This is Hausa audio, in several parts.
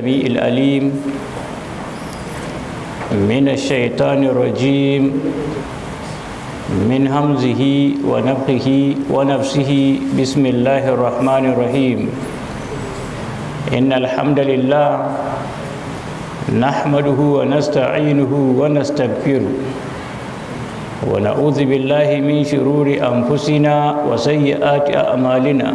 السميع الأليم من الشيطان الرجيم من همزه ونفخه ونفسه بسم الله الرحمن الرحيم إن الحمد لله نحمده ونستعينه ونستغفره ونعوذ بالله من شرور أنفسنا وسيئات أعمالنا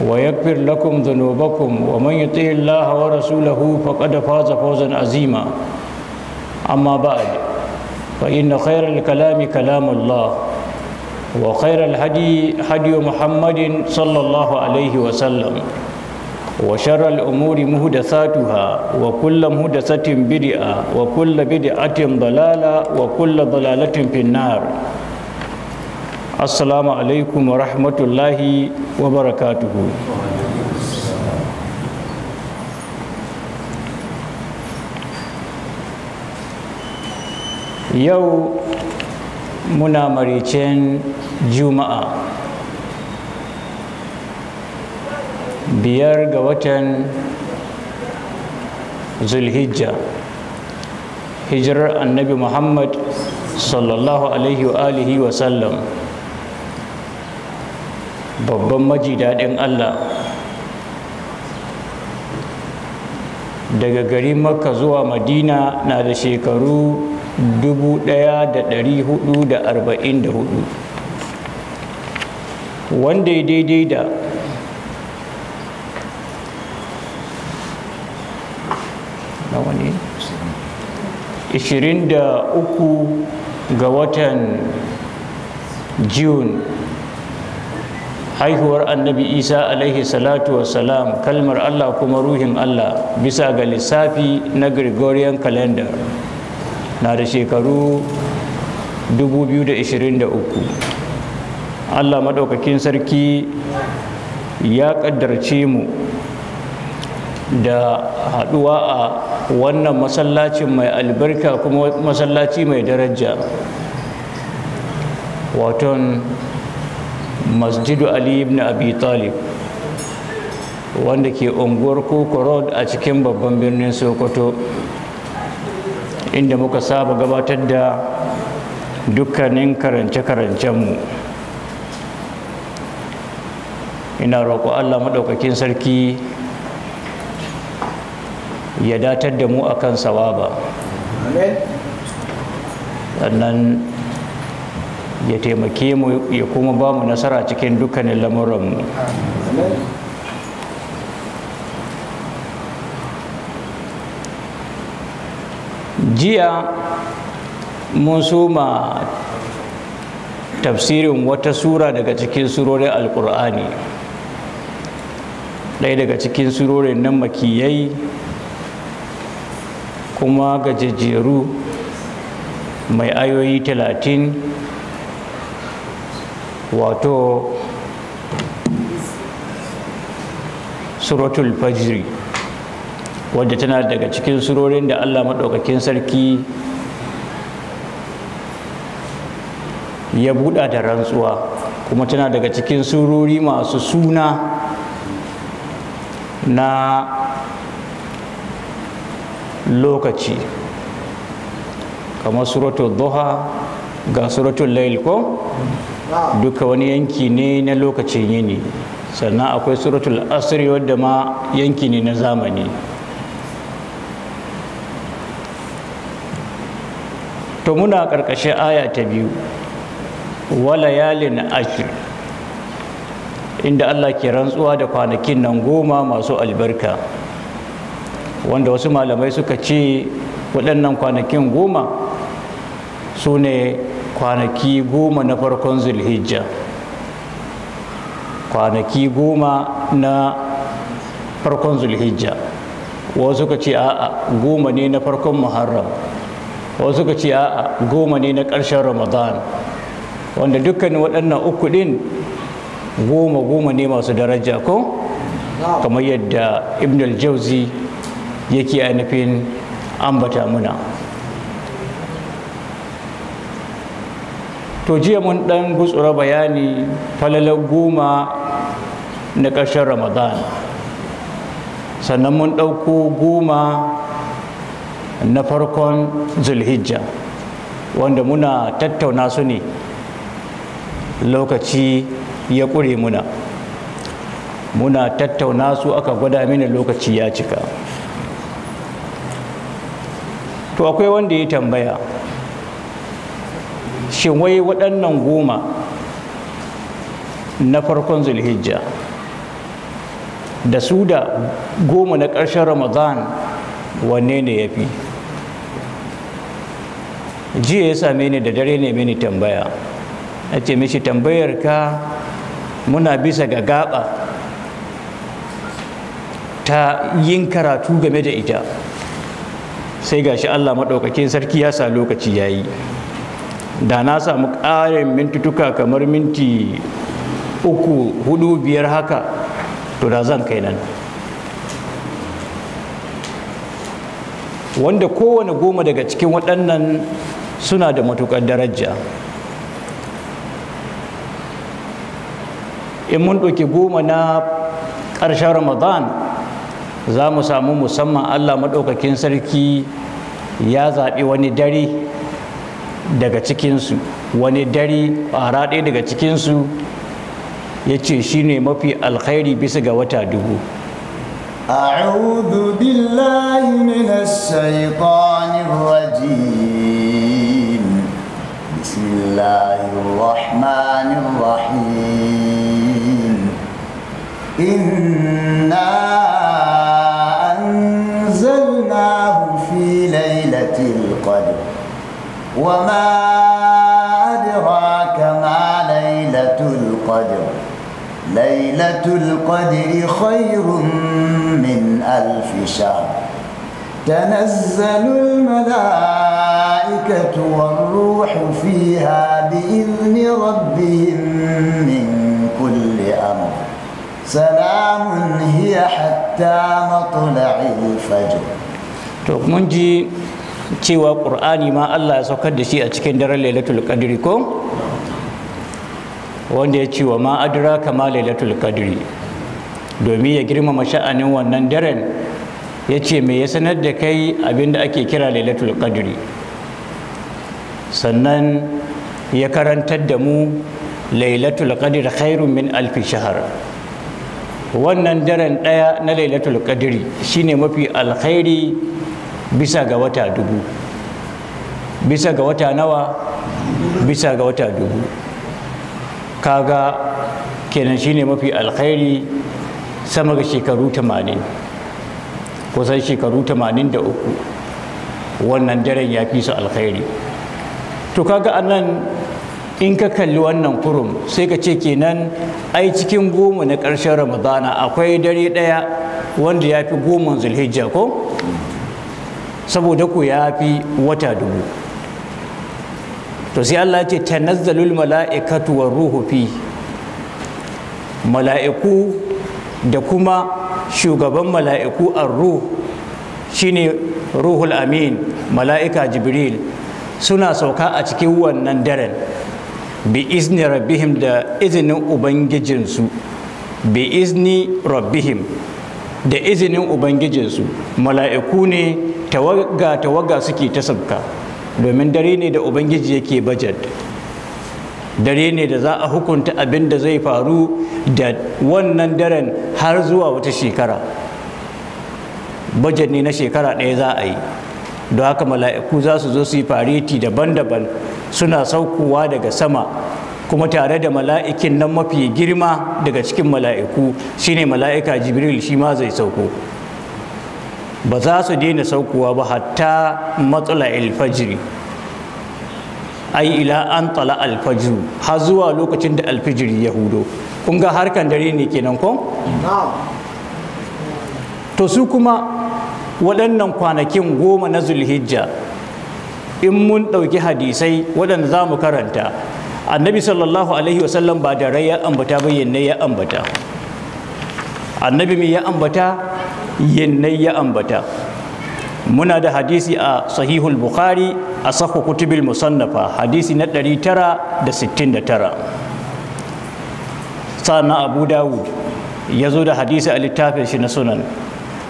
ويغفر لكم ذنوبكم ومن يطع الله ورسوله فقد فاز فوزا عظيما أما بعد فإن خير الكلام كلام الله وخير الهدي هدي محمد صلى الله عليه وسلم وشر الأمور مهدثاتها وكل مهدثة بدعة وكل بدعة ضلالة وكل ضلالة في النار assalamu alaikum wa rahmatullahi wa barakatuhu yau muna maricen juma'a biyar ga watan zulhijja hijirar annabi muhammad sallallahu alaihi wa alihi wa sallam babban maji daɗin Allah daga gari makka zuwa madina na da shekaru 1444 wanda ya daidai da ishirin da uku ga watan june haihuwar annabi isa alaihi salatu salam, kalmar allah kuma ruhin allah bisa ga lissafi na gregorian calendar na da shekaru 2023 allah maɗaukakin sarki ya ƙaddarce mu da haɗuwa a wannan masallacin mai albarka kuma masallaci mai daraja waton masjidu ali ibn abi talib wanda ke unguwar koko road a cikin babban birnin sokoto inda muka saba gabatar da dukkanin karance-karancenmu ina roƙo allah maɗaukakin sarki ya datar da mu akan sawaba sannan ya taimake mu ya kuma ba mu nasara cikin dukkanin lamuranmu jiya mun suma tafsirin wata sura daga cikin surorin alkur'ani ɗaya daga cikin surorin nan makiyai kuma gajejjeru mai ayoyi talatin wato suratul fajri wadda tana daga cikin surorin da allah maɗaukakin sarki ya buɗa da rantsuwa kuma tana daga cikin surori masu suna na lokaci kamar suratul duha ga suratul lail ko duka wani yanki ne na lokacin yini sannan akwai suratul asri wadda ma yanki ne na zamani to muna ƙarƙashin aya ta biyu walayalin ashir inda Allah ke rantsuwa da kwanakin nan goma masu albarka wanda wasu malamai suka ce waɗannan kwanakin goma su ne kwanaki goma na farkon zulhijja kwanaki goma na farkon zulhijja wasu ka ce a'a goma ne na farkon muharram wasu ka ce a'a goma ne na ƙarshen ramadan wanda dukkanin waɗannan uku ɗin goma goma ne masu daraja ko kamar yadda ibn al-jauzi yake ainihin ambata muna to jiya mun ɗan gutsura bayani falalar goma na ƙarshen ramadan sannan mun ɗauko goma na farkon zulhijja wanda muna tattauna su ne lokaci ya ƙure muna muna tattauna su aka gwada mini lokaci ya cika to akwai wanda ya tambaya shin wai waɗannan goma na farkon zulhijja da su da goma na ƙarshen ramadan wanne ne ya fi jiya ya same ni da dare ne mini tambaya a ce mishi tambayar ka muna bisa ga gaba ta yin karatu game da ita sai gashi allah maɗaukakin sarki ya sa lokaci ya yi da na samu ƙarin mintutuka kamar minti uku hudu biyar haka to da zan kai nan wanda kowane goma daga cikin waɗannan suna da matuƙar daraja in mun ɗauki goma na ƙarshen ramadan za mu samu musamman allah maɗaukakin sarki ya zaɓi wani dare daga cikinsu wani dare ƙwara ɗaya daga cikinsu ya ce shi ne mafi alkhairi bisa ga wata dubu a'udhu billahi minash shaitanir rajim bismillahir rahmanir rahim inna anzalnahu fi lailatil qadr وما أدراك ما ليلة القدر ليلة القدر خير من ألف شهر تنزل الملائكة والروح فيها بإذن ربهم من كل أمر سلام هي حتى مطلع الفجر cewa ƙur'ani ma Allah ya saukar da shi a cikin daren lailatul qadri ko wanda ya cewa ma adira kama lailatul qadri domin ya girmama sha'anin wannan daren ya ce me ya sanar da kai abinda ake kira lailatul qadri sannan ya karantar da mu lailatul qadri khairun min alfi shahar wannan daren ɗaya na lailatul qadri shine mafi alkhairi bisa ga wata dubu bisa ga wata nawa bisa ga wata dubu kaga kenan shine mafi alkhairi sama ga shekaru 80 kusan shekaru 83 wannan daren ya fi su alkhairi to kaga anan in ka kalli wannan kurum sai ka ce kenan ai cikin goma na ƙarshen ramadana akwai dare ɗaya wanda ya fi goma zulhijja ko saboda ku ya fi wata dubu to sai Allah ce tanazzalul mala'ikatu war ruhu fi mala'iku da kuma shugaban mala'iku ar-ruh shine ruhul amin mala'ika jibril suna sauka a cikin wannan daren bi izni rabbihim da izinin ubangijinsu bi izni rabbihim da izinin ubangijinsu mala'iku ne tawaga tawaga suke ta sabka domin dare ne da ubangiji yake bajet dare ne da za a hukunta abin da zai faru da wannan daren har zuwa wata shekara bajet ne na shekara ɗaya za a yi don haka mala'iku za su zo su yi fareti daban-daban suna saukowa daga sama kuma tare da mala'ikin nan mafi girma daga cikin mala'iku shine mala'ika jibril shi ma zai sauko ba za su daina saukowa ba hatta matsala alfajiri ai ila an tsala alfajiru har zuwa lokacin da alfajiri ya hudo kun ga harkan dare ne kenan ko to su kuma waɗannan kwanakin goma na zulhijja in mun ɗauki hadisai waɗanda za mu karanta annabi sallallahu alaihi wasallam ba da rai ya ambata bayyana ya ambata annabi mai ya ambata yinnai ya ambata muna da hadisi a sahihul bukhari a sahu kutubil musannafa hadisi na 969 sannan abu dawud ya zo da hadisi a littafin shi na sunan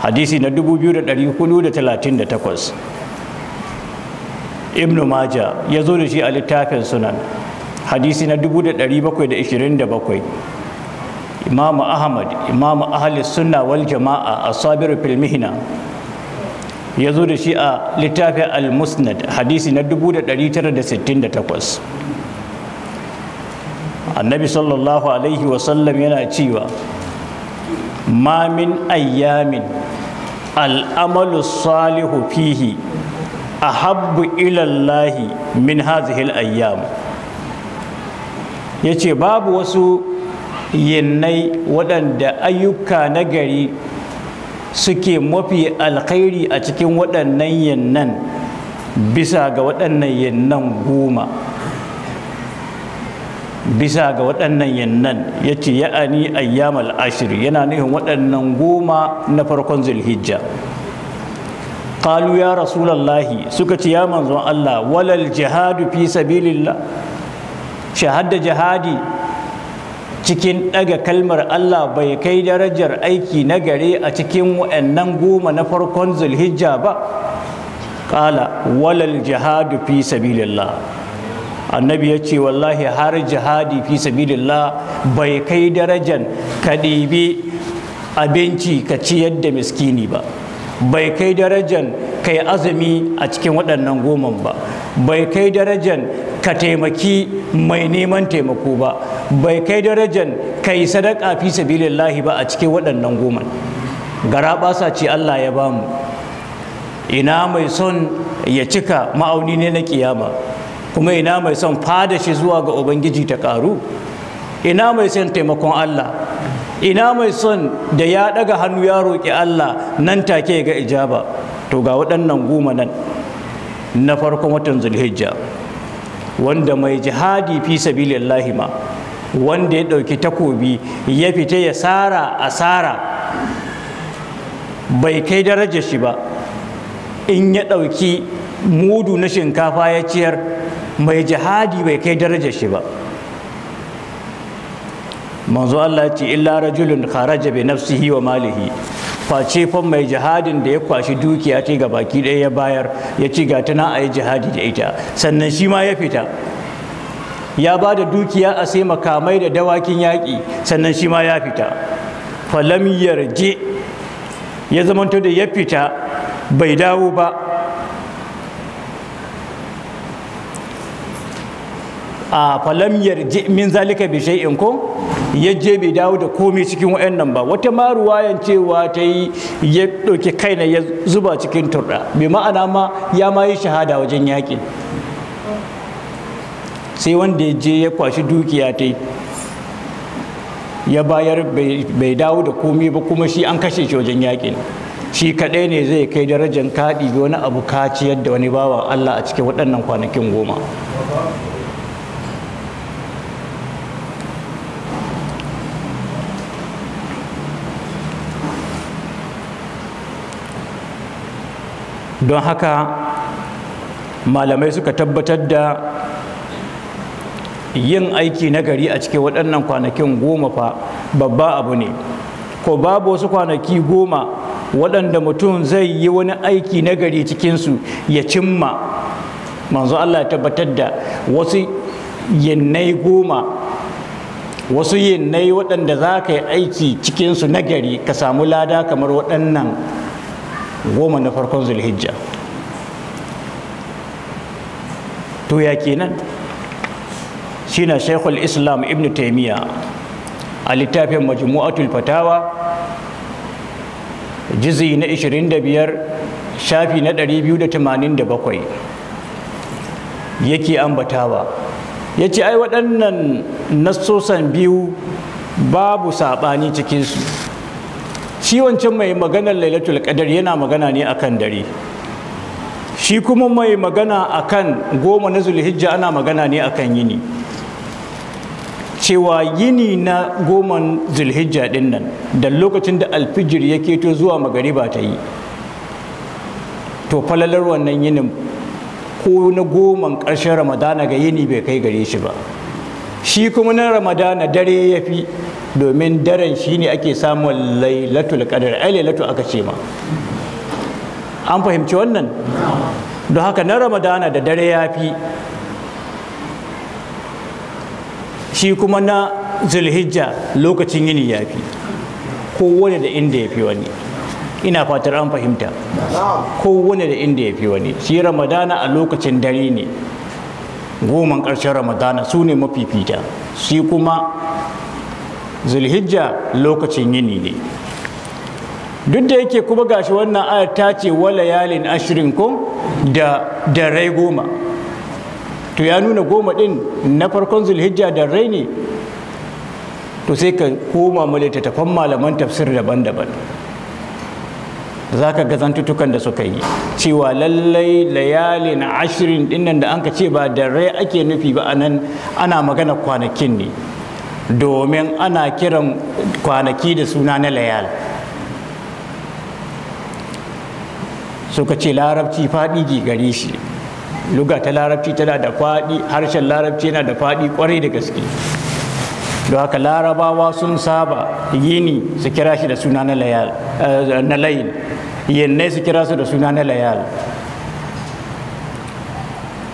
hadisi na 2438 ibn maja ya zo da shi a littafin sunan hadisi na 1727 imamu ahmad imamu ahli sunna wal jama'a asabir fil mihna ya zo da shi a littafin al-musnad hadisi na 1968 annabi sallallahu alaihi wasallam yana cewa ma min ayyamin al'amalu salihu fihi ahabbu ilallahi min hazihil ayyam ya ce babu wasu yinnai waɗanda ayyuka na gari suke mafi alkhairi a cikin waɗannan yinnan bisa ga waɗannan yinnan goma bisa ga waɗannan yannan ya ce ya'ani ayyamal ashir yana nufin waɗannan goma na farkon zulhijja qalu ya rasulallahi suka ce ya manzon Allah walal jihadu fi sabilillah shahada jihadi cikin ɗaga kalmar Allah bai kai darajar aiki na gare a cikin wa'annan goma na farkon zulhijja ba ƙala walal jihadu fi sabilillah annabi ya ce wallahi har jihadi fi sabilillah bai kai darajar ka ɗibi abinci ka ciyar da miskini ba bai kai darajar kai azumi a cikin waɗannan goma ba bai kai darajar ka taimaki mai neman taimako ba bai kai darajan ka yi sadaka fi sabilillahi ba a cikin waɗannan goma gara ɓasa ce Allah ya bamu ina mai son ya cika ma'auni ne na kiyama kuma ina mai son fada shi zuwa ga ubangiji ta ƙaru ina mai son taimakon Allah ina mai son da ya ɗaga hannu ya roƙi Allah nan take ga ijaba to ga waɗannan goma nan na farkon watan zulhijja wanda mai jihadi fi sabilillahi ma wanda ya ɗauki takobi ya fita ya sara asara bai kai darajar shi ba in ya ɗauki mudu na shinkafa ya ciyar mai jihadi bai kai darajar shi ba manzo Allah ce illa rajulun kharaja bi nafsihi wa malihi face fa mai jihadin da ya kwashi dukiya ta ga baki ɗaya ya bayar ya ci ga tana a yi jihadi da ita sannan shi ma ya fita ya ba da dukiya a sai makamai da dawakin yaƙi sannan shi ma ya fita falam yarje ya zamanto da ya fita bai dawo ba a falam yarje min zalika bi shay'in ko ya je bai dawo da komai cikin wayannan ba wata ma ruwayan cewa ta yi ya ɗauki kaina ya zuba cikin turɗa bai ma'ana ma ya ma yi shahada wajen yaƙin sai wanda ya je ya kwashi dukiya ta ya bayar bai dawo da komai ba kuma shi an kashe shi wajen yaƙin shi kaɗai ne zai kai darajar kaɗi wani abu kaciyar da wani bawa Allah a cikin waɗannan kwanakin goma don haka malamai suka tabbatar da yin aiki na gari a cikin waɗannan kwanakin goma fa babba abu ne ko babu wasu kwanaki goma waɗanda mutum zai yi wani aiki na gari cikinsu ya cimma manzo Allah ya tabbatar da wasu yinnai goma wasu yinnai waɗanda za ka yi aiki cikinsu na gari ka samu lada kamar waɗannan goma na farkon zulhijja to ya kenan shine shaikhul islam ibn taimiyya a littafin majmu'atul fatawa jizi na 25 shafi na 287 yake ambatawa ya ce ai waɗannan nasosan biyu babu saɓani cikinsu shi wancan mai maganar lailatul qadar yana magana ne akan dare shi kuma mai magana akan goma na zulhijja ana magana ne akan yini cewa yini na goman zulhijja din nan da lokacin da alfijir ya keto zuwa magariba ta yi to falalar wannan yinin ko na goman ƙarshen ramadana ga yini bai kai gare shi ba shi kuma na ramadana dare ya fi domin daren shine ake samun lailatul qadar ai lailatu aka ce ma an fahimci wannan don haka na ramadana da dare ya fi shi kuma na zulhijja lokacin yini ya fi kowane da inda ya fi wani ina fatar an fahimta kowane da inda ya fi wani shi ramadana a lokacin dare ne goman ƙarshen ramadana su ne mafifita shi kuma zulhijja lokacin yini ne duk da yake kuma gashi wannan ayar ta ce wa layalin ashirin kun da rai goma to ya nuna goma din na farkon zulhijja da rai ne to sai ka koma mu littattafan malaman tafsir daban-daban za ka ga zantutukan da suka yi cewa lallai layalin ashirin dinnan da an ka ce ba da rai ake nufi ba anan ana magana kwanakin ne domin ana kiran kwanaki da suna na layal suka ce larabci faɗi gigari shi luga ta larabci tana da faɗi harshen larabci yana da faɗi kwarai da gaske don haka larabawa sun saba yini su kira shi da suna na eh, layin yannai su kira su da suna na layal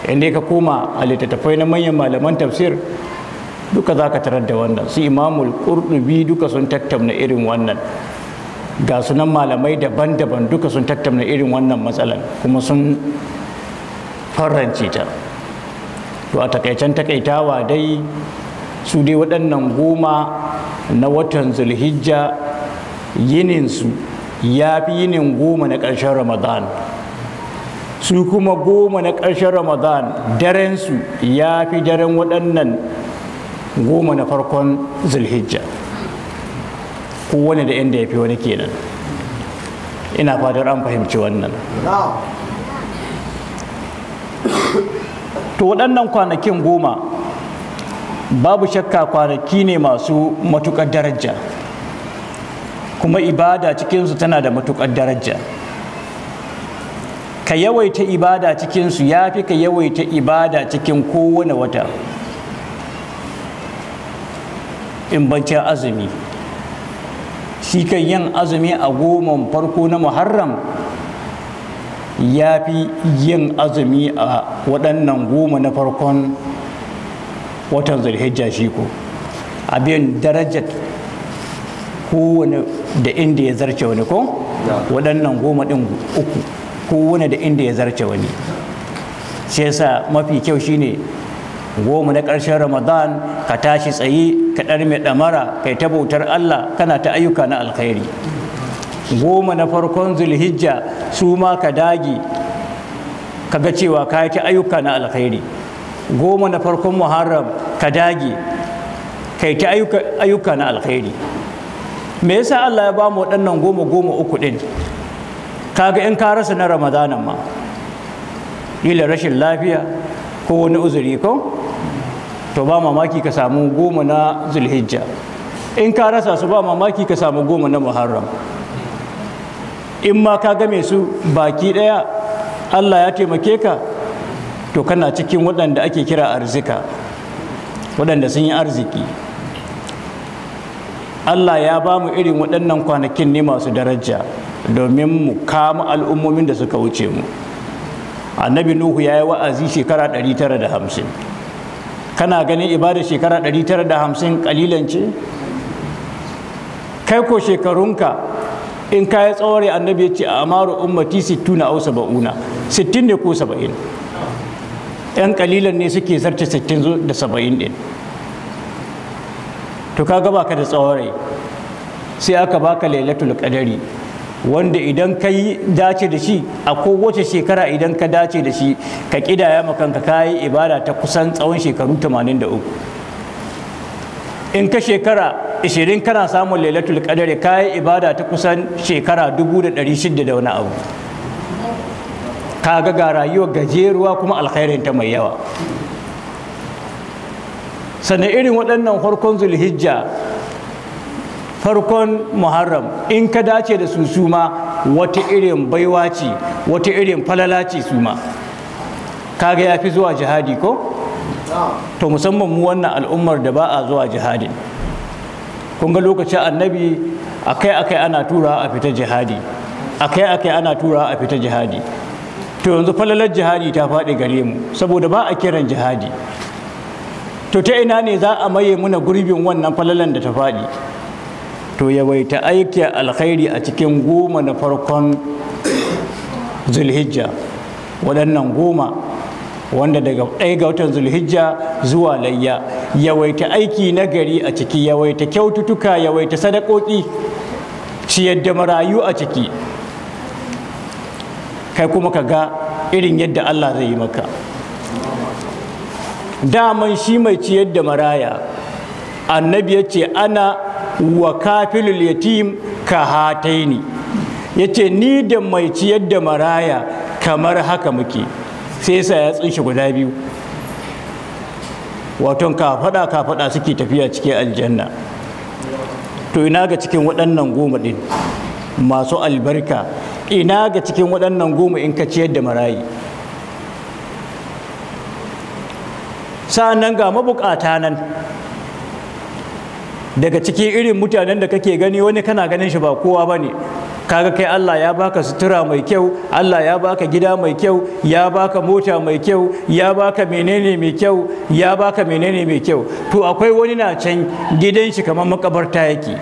inda ka koma a littattafai na manyan malaman tafsir duka za ka tarar da wannan su imamul ƙurɗubi duka sun tattauna irin wannan ga sunan malamai daban-daban duka sun tattauna irin wannan matsalar kuma sun farrance ta to a takaicen takaitawa dai su dai waɗannan goma na watan zulhijja yininsu ya fi yinin goma na ƙarshen ramadan su kuma goma na ƙarshen ramadan darensu ya fi daren waɗannan goma na farkon zulhijja wani da inda ya fi wani kenan ina fatar an fahimci wannan to waɗannan kwanakin goma babu shakka kwanaki ne masu matuƙar daraja kuma ibada cikinsu tana da matuƙar daraja ka yawaita ibada cikinsu ya fi ka yawaita ibada cikin kowane wata in bancin azumi shi kan yin azumi a goman farko na muharram ya fi yin azumi a waɗannan goma na farkon watan zulhijja shi ko abin darajar kowane da inda ya zarce wani ko waɗannan goma ɗin uku kowane da inda ya zarce wani shi yasa mafi kyau shine goma na ƙarshen ramadan ka tashi tsaye ka ɗar mai ɗamara kai ta bautar allah kana ta ayyuka na alkhairi goma na farkon zulhijja su ma ka dagi ka ga cewa ka ta ayyuka na alkhairi goma na farkon muharram ka dagi kai ta ayyuka na alkhairi me yasa allah ya ba mu waɗannan goma goma uku ɗin kaga in ka rasa na ramadanan ma ila rashin lafiya ko wani uzuri ko to ba mamaki ka samu goma na zulhijja in ka rasa su ba mamaki ka samu goma na muharram in ma ka game su baki ɗaya allah ya taimake ka to kana cikin waɗanda ake kira arzika waɗanda sun yi arziki allah ya ba mu irin waɗannan kwanakin ne masu daraja domin mu kama al'ummomin da suka wuce mu annabi nuhu ya yi wa'azi shekara 950 kana ganin ibada shekara 950 kalilan ce kai ko shekarunka in ka yi tsawar annabi ce a amaru ummati na ausa ba'una sittin ne ko saba'in yan kalilan ne suke zarce sittin da saba'in din to ka gaba ka da tsawarai sai aka baka lailatul qadari wanda idan ka yi dace da shi a kowace shekara idan ka dace da shi ka ƙidaya makanka ka yi ibada ta kusan tsawon shekaru 83 in ka shekara 20 kana samun lailatul qadari ka yi ibada ta kusan shekara 1600 da wani abu ka ga ga rayuwa gajeruwa kuma alkhairin ta mai yawa sannan irin waɗannan farkon zulhijja farkon muharram in ka dace da su Suma, ma wata irin baiwa ce wata irin falala ce Suma. ma kaga ya fi zuwa jihadi ko to musamman mu wannan al'ummar da ba a zuwa jihadin kun ga lokacin annabi akai-akai ana tura a fita jihadi akai-akai ana tura a fita jihadi to yanzu falalar jihadi ta faɗi gare mu saboda ba a kiran jihadi to ta ina ne za a maye muna gurbin wannan falalan da ta faɗi to yawaita aiki alkhairi a cikin goma na farkon zulhijja waɗannan goma wanda daga ɗaya ga watan zulhijja zuwa layya yawaita aiki na gari a ciki yawaita kyaututtuka yawaita sadakoki ciyar da marayu a ciki kai kuma ka ga irin yadda allah zai yi maka daman shi mai ciyar da maraya annabi ya ce ana wa kafilul yatim ka hataini yace ni da mai ciyar da maraya kamar haka muke sai sa ya tsinshi guda biyu waton kafaɗa kafaɗa suke tafiya cikin aljanna to ina ga cikin waɗannan goma ɗin masu albarka ina ga cikin waɗannan goma in ka ciyar da marayi sa'an nan ga mabukata nan daga cikin irin mutanen da kake gani wani kana ganin shi ba kowa ba ne kaga kai Allah ya baka sutura mai kyau Allah ya baka gida mai kyau ya baka mota mai kyau ya baka menene mai kyau ya baka menene mai kyau to akwai wani na can gidan shi kamar makabarta yake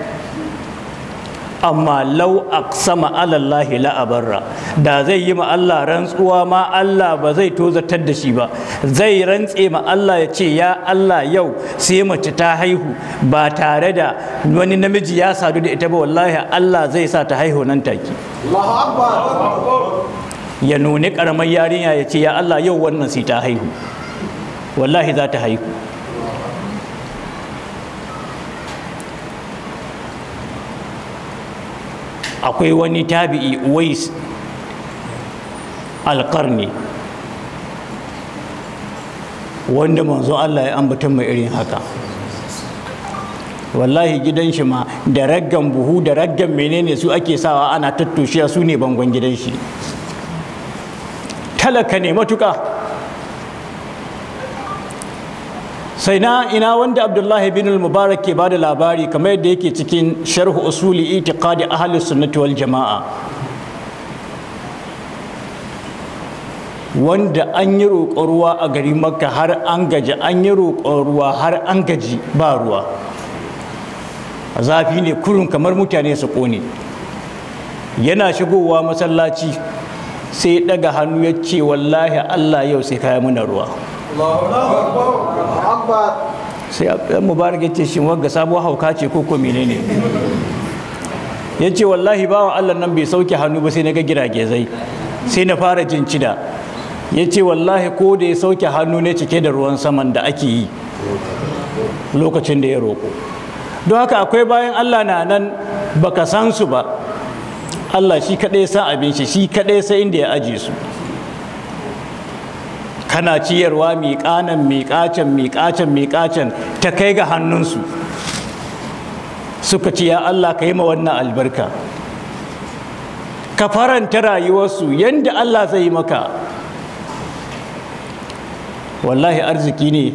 amma lau aqsama alallahi la'abarra da zai yi ma Allah rantsuwa ma Allah ba zai tozatar da shi ba zai rantse ma Allah ya ce ya Allah yau sai mace ta haihu ba tare da wani namiji ya sadu da ita ba wallahi Allah zai sa ta haihu nan take ya nuni karamar yarinya ya ce ya Allah yau wannan sai ta haihu wallahi za ta haihu akwai wani tabi'i wais alƙarni wanda manzo Allah ya ambata mai irin haka wallahi gidan shi ma da raggan buhu da raggan menene su ake sawa ana tattoshiya su ne bangon gidan shi talaka ne matuƙa. sai na ina wanda abdullahi bin mubarak ke bada labari kamar yadda yake cikin sharhu usuli itiqadi ahlus sunnati wal jama'a wanda an yi roƙon ruwa a gari makka har an gaji an yi roƙon ruwa har an gaji ba ruwa zafi ne kurun kamar mutane su ƙone yana shigowa masallaci sai ya ɗaga hannu ya ce wallahi allah yau sai kaya mana ruwa sai ɗan mubarak ya ce shi wagga sabuwar hauka ce ko ko menene ya ce wallahi wa allah nan bai sauke hannu ba sai na ga girage zai sai na fara jin cida ya ce wallahi ko da ya sauke hannu ne cike da ruwan saman da ake yi lokacin da ya roƙo don haka akwai bayan allah na nan baka san su ba allah shi kaɗai sa abin shi shi kaɗai sai inda ya aje su kana ciyarwa miƙanan miƙacen miƙacen miƙacen ta kai ga hannunsu suka ci ya Allah ka yi ma wannan albarka ka faranta rayuwarsu yadda Allah zai yi maka wallahi arziki ne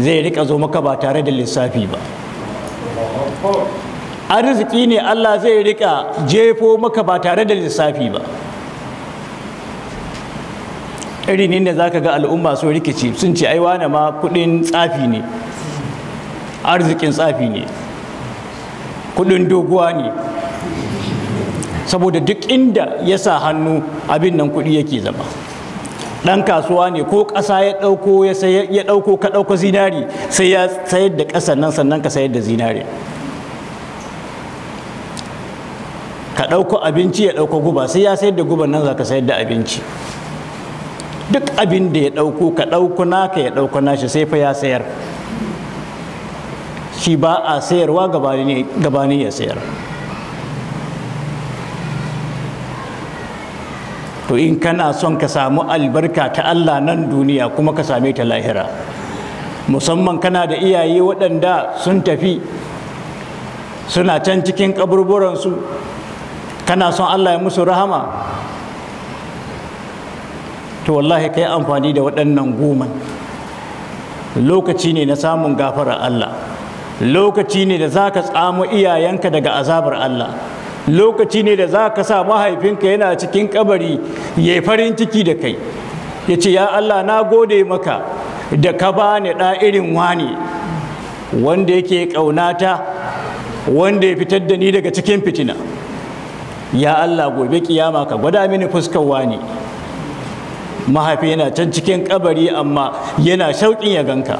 zai rika zo maka ba tare da lissafi ba arziki ne Allah zai rika jefo maka ba tare da lissafi ba irin inda za ka ga al'umma sun rikici sun ce ai wane ma kudin tsafi ne arzikin tsafi ne kudin doguwa ne saboda duk inda ya sa hannu abin nan kuɗi yake zama dan kasuwa ne ko ƙasa ya ɗauko ya ɗauko ka ɗauko zinari sai ya sayar da ƙasa nan sannan ka sayar da zinari ka ɗauko abinci ya ɗauko guba sai ya sayar da guba nan za ka sayar da abinci duk abin da ya ɗauko ka ɗauko naka ya ɗauko nashi sai fa ya sayar shi ba a sayarwa gabani ya sayar to in kana son ka samu albarka ta Allah nan duniya kuma ka same ta lahira musamman kana da iyaye waɗanda sun tafi suna can cikin kaburburansu kana son Allah ya musu rahama to wallahi kai amfani da waɗannan goman. lokaci ne na samun gafarar Allah lokaci ne da za ka tsamo iyayenka daga azabar Allah lokaci ne da za ka sa mahaifinka yana cikin kabari ya farin ciki da kai ya ce ya Allah na gode maka da ka ba ni ɗa irin wani wanda yake ƙaunata wanda ya fitar da ni daga cikin fitina ya Allah gobe kiyama ka gwada mini fuskar wani mahaifi yana can cikin kabari amma yana shauƙin ya ganka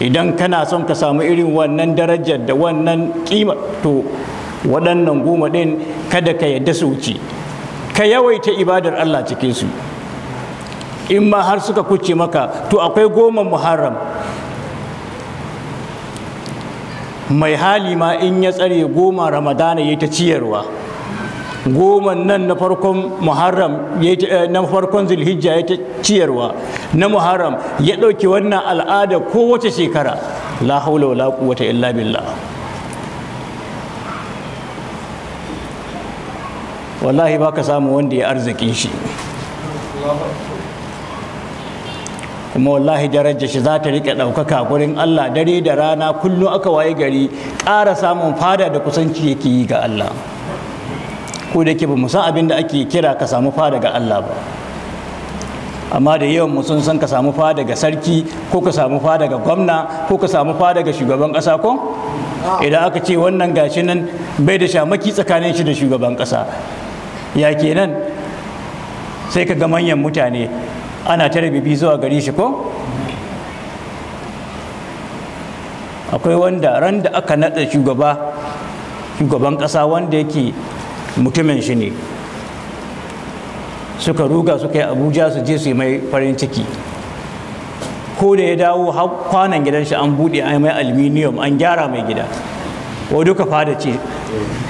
idan kana son ka samu irin wannan darajar da wannan kima to waɗannan goma ɗin kada ka yadda su wuce ka yawaita ibadar Allah cikin su in ma har suka kuce maka to akwai goma muharram mai hali ma in ya tsare goma ramadana ya ta ciyarwa goma nan na farkon muharram eh, na farkon zulhijja ya ta ciyarwa na muharram ya ɗauki wannan al'ada ko wace shekara la haula wala quwwata illa billah wallahi baka samu wanda ya arziki shi kuma wallahi darajar shi za ta rike ɗaukaka gurin Allah dare da rana kullum aka waye gari ƙara samun fada da kusanci yake yi ga Allah ko da ke ba mu san abin da ake kira ka samu fa daga Allah ba amma da yawan mu sun san ka samu fa daga sarki ko ka samu fa daga gwamna ko ka samu fa daga shugaban ƙasa ko idan aka ce wannan gashi nan bai da shamaki tsakanin shi da shugaban ƙasa ya kenan sai ka ga manyan mutane ana tare bibi zuwa gari shi ko akwai wanda ran da aka naɗa shugaba shugaban ƙasa wanda yake mutumin shi ne suka ruga suka yi abuja su je su yi mai farin ciki ko da ya dawo kwanan gidan shi an buɗe an mai aluminium an gyara mai gida ko duka fada ce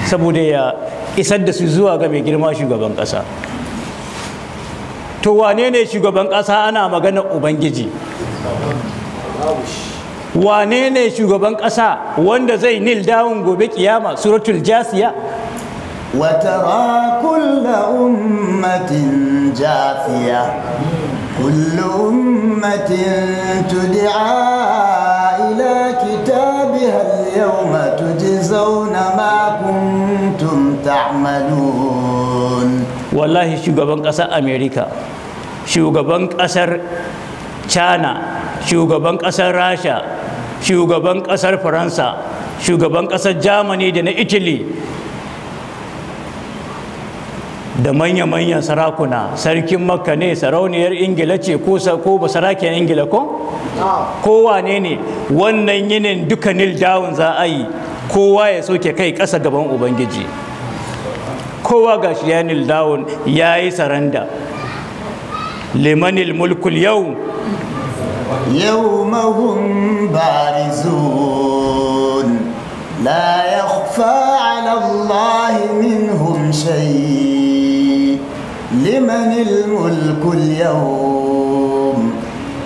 saboda ya isar da su zuwa ga mai girma shugaban ƙasa to wane ne shugaban ƙasa ana magana ubangiji wane ne shugaban ƙasa wanda zai nil dawon gobe kiyama suratul jasiya وترى كل أمة جافية كل أمة تدعى إلى كتابها اليوم تجزون ما كنتم تعملون والله شغبان قصة أمريكا شغبان قصر china shugaban ƙasar rasha shugaban ƙasar faransa shugaban ƙasar germany da na italy da manya-manyan sarakuna sarkin makka ne sarauniyar ingila ce ko ba sarakin ingila ko kowa ne wannan yinin duka nil dawun za a yi kowa ya soke kai ƙasa gaban ubangiji kowa ga shi ya nil dawun ya yi saranda limanil mulkul yau yawma hum barizun la yakhfa ala min hun shayi لمن الملك اليوم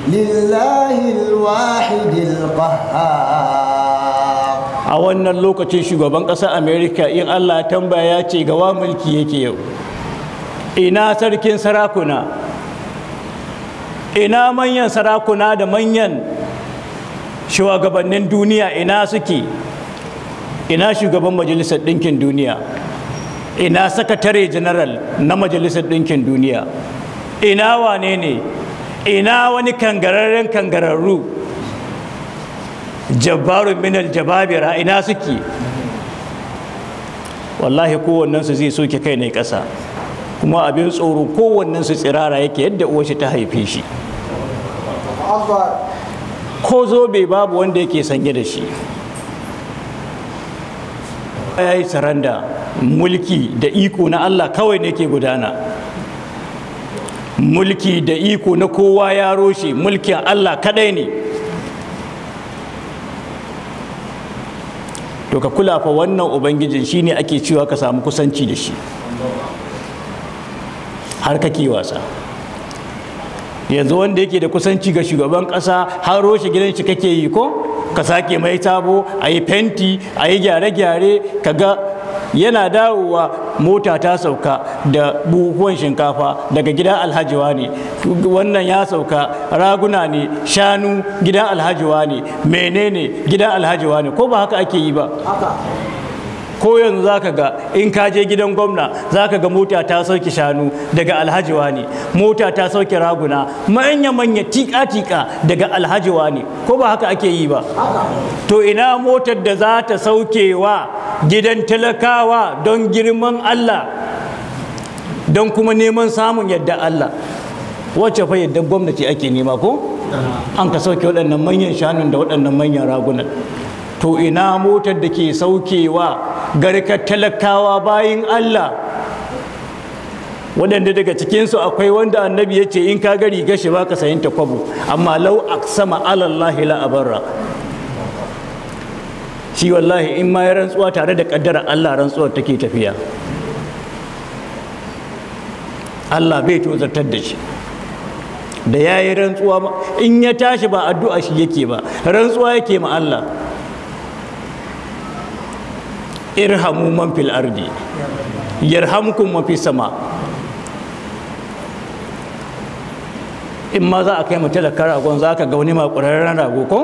lillahi alwahidil qahhar a wannan lokacin shugaban ƙasar Amerika, in allah tambaya ya ce gawa mulki yake yau ina sarkin sarakuna ina manyan sarakuna da manyan shugabannin duniya ina suke ina shugaban majalisar ɗinkin duniya ina sakatare general na majalisar ɗinkin duniya ina wane ne ina wani kangararren kangararru jabbaru minal jababira ina suke wallahi kowannensu zai soke kai ne ƙasa kuma abin tsoro kowannensu tsirara yake yadda uwashi ta haife shi ko zo zobe babu wanda yake sanye da shi ya yi saranda mulki da iko na Allah kawai ne ke gudana mulki da iko na kowa ya roshe mulkin Allah kadai ne to ka kula fa wannan ubangijin shine ake cewa ka samu kusanci da shi har kake wasa yanzu wanda yake da kusanci ga shugaban kasa har roshe gidan shi kake yi ko ka sake mai tabo a yi fenti a yi gyare-gyare ka ga yana dawowa mota ta sauka da buhuhuwan shinkafa daga gidan alhajiwa ne wannan ya sauka raguna ne shanu gidan alhajiwa ne menene gidan alhajiwa ne ko ba haka ake yi ba ko yanzu zaka ga in ka je gidan gwamna za ka ga mota ta sauke shanu daga alhaji ne mota ta sauke raguna manya manya tika tika daga alhaji ne ko ba haka ake yi ba to ina motar da za ta sauke wa gidan talakawa don girman Allah don kuma neman samun yadda Allah wacce fa yadda gwamnati ake nema ko an ka sauke waɗannan manyan shanun da waɗannan manyan ragunan to ina motar da ke saukewa garkar talakawa bayan Allah waɗanda daga cikinsu akwai wanda annabi ya ce in ka gari gashi ba ka sayin ta kwabo amma lau aksama alallahi la abarra shi wallahi in ma ya rantsuwa tare da ƙaddara Allah rantsuwar take tafiya Allah bai tozartar da shi da ya yi rantsuwa in ya tashi ba addu'a shi yake ba rantsuwa yake ma Allah irhamu man fil ardi yarhamkum ma fi sama in ma za a kai mu talaka ragon za ka ga wani makurarren rago ko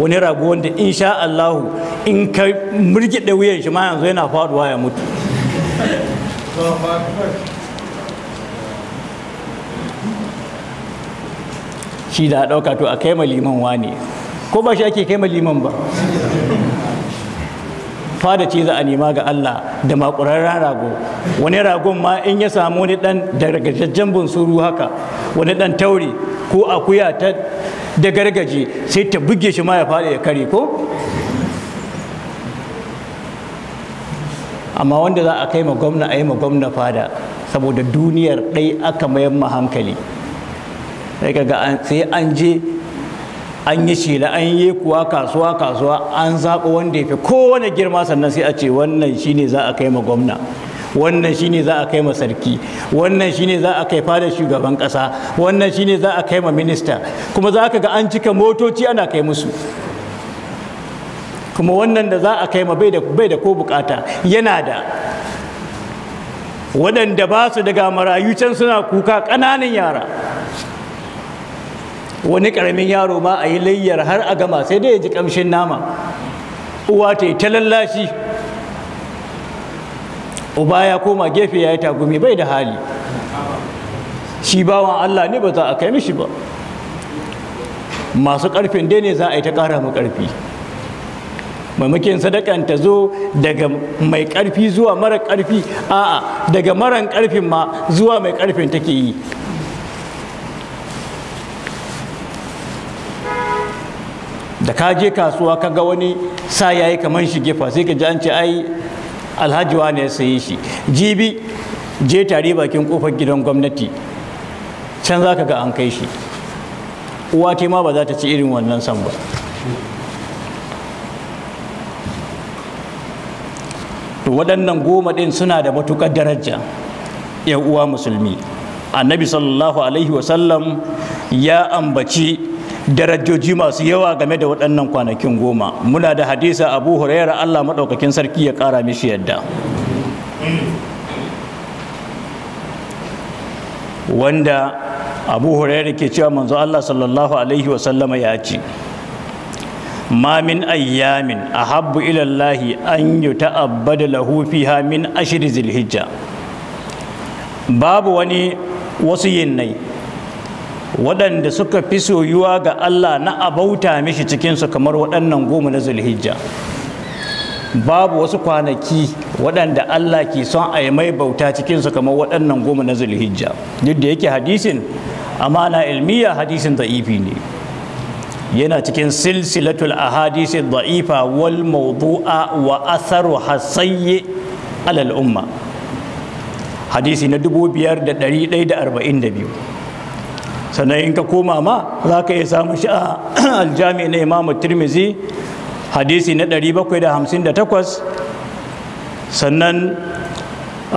wani rago wanda insha Allah, in ka murgide wuyan shi ma yanzu yana faduwa ya mutu shi da ɗauka to a kai liman wani ko ba shi ake kai ma liman ba fada ce za a nema ga Allah da makurarren rago wani ragon ma in ya samu wani dan da gargajajjen bunsuru haka wani dan tauri ko akuya ta da gargaje sai ta buge shi ma ya fada ya kare ko amma wanda za a kai ma gwamna a yi ma gwamna fada saboda duniyar ɗai aka mayan ma hankali sai an je an yi shela an yi kuwa kasuwa kasuwa an zaɓa wanda ya fi kowane girma sannan sai a ce wannan shine za a kai ma gwamna wannan shine za a kai ma sarki wannan shine za a kai fadar shugaban ƙasa, wannan shine za a kai ma minista kuma za ka ga an cika motoci ana kai musu kuma wannan da za a kai ma bai da ko bukata yana da waɗanda ba su daga marayu can suna kuka ƙananan yara wani karamin yaro ma a yi layyar har a gama sai dai ya ji kamshin nama uwa ta yi ta lallashi uba ya koma gefe ya yi tagumi bai da hali shi bawan Allah ne ba za a kai mishi ba masu ƙarfin dai ne za a yi ta ƙara mu ƙarfi maimakon sadakan ta zo daga mai ƙarfi zuwa mara ƙarfi a'a daga maran ƙarfin ma zuwa mai ƙarfin take yi ka je kasuwa ka ga wani sa ya yi kamar shi gefa sai ka ji an ce ai alhaji wani ya sayi shi jibi je tare bakin kofar gidan gwamnati can za ka ga an kai shi uwa te ma ba za ta ci irin wannan san ba to waɗannan goma ɗin suna da matuƙar daraja uwa musulmi annabi sallallahu alaihi wasallam ya ambaci darajoji masu yawa game da waɗannan kwanakin goma muna da hadisa abu huraira allah maɗaukakin sarki ya ƙara mishi yadda wanda abu huraira ke cewa manzo allah sallallahu alaihi wasallama ya ce ma min ayyamin habbu ilallahi an ta'abbada lahufi hamin min ashirin zilhijja babu wani wasu yinnai waɗanda suka fi soyuwa ga Allah na abauta mishi cikinsu kamar waɗannan goma na zulhijja babu wasu kwanaki waɗanda Allah ke son a yi mai bauta cikinsu kamar waɗannan goma na zulhijja duk da yake hadisin amana ilmiya hadisin da'ifi ne yana cikin silsilatul ahadisi da'ifa wal mawdu'a wa atharu hasayyi alal umma hadisi na 5142 sannan in ka koma ma za ka iya samun shi a aljami na imamu tirmizi hadisi na 758 sannan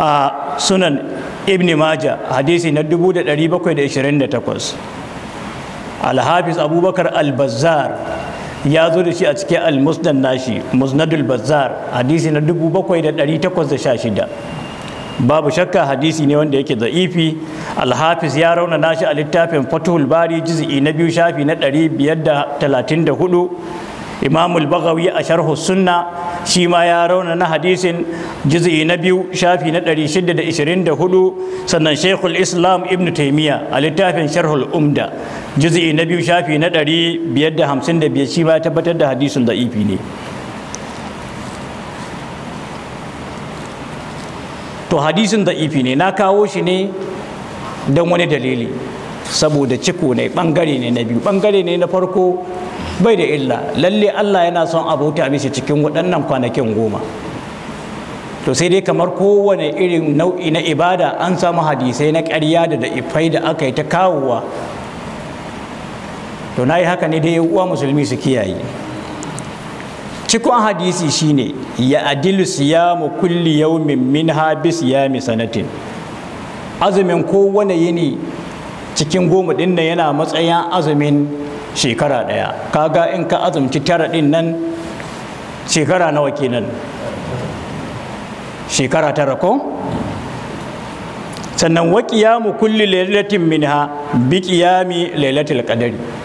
a sunan ibn maja hadisi na 728 alhafiz abubakar albazar ya zo da shi a cikin almusdan nashi musnadul bazar hadisi na shida. babu shakka hadisi ne wanda yake za'ifi alhafiz ya rauna nashi a littafin fatuhul bari juz'i na biyu shafi na 534 imamul bagawi a sharhu sunna shi ma ya rauna na hadisin juz'i na biyu shafi na 624 sannan shekul islam ibn taimiyya a littafin sharhul umda juz'i na biyu shafi na 555 shi ma ya tabbatar da hadisin za'ifi ne to hadisin da ifi ne na kawo shi ne don wani dalili saboda ciko ne bangare ne na biyu bangare ne na farko bai da illa lalle Allah yana son abota mishi cikin waɗannan kwanakin goma to sai dai kamar kowane irin nau'i na ibada an samu hadisai na ƙarya da da'ifai da aka yi ta kawowa to na yi haka ne dai uwa musulmi su kiyaye cikon hadisi shine ya adilu siyamu kulli yawmin min habi siyami sanatin azumin kowane yini cikin goma din nan yana matsayin azumin shekara daya kaga in ka azumci tara din nan shekara nawa kenan shekara tara ko sannan wa qiyamu kulli lailatin minha bi qiyami lailatul qadari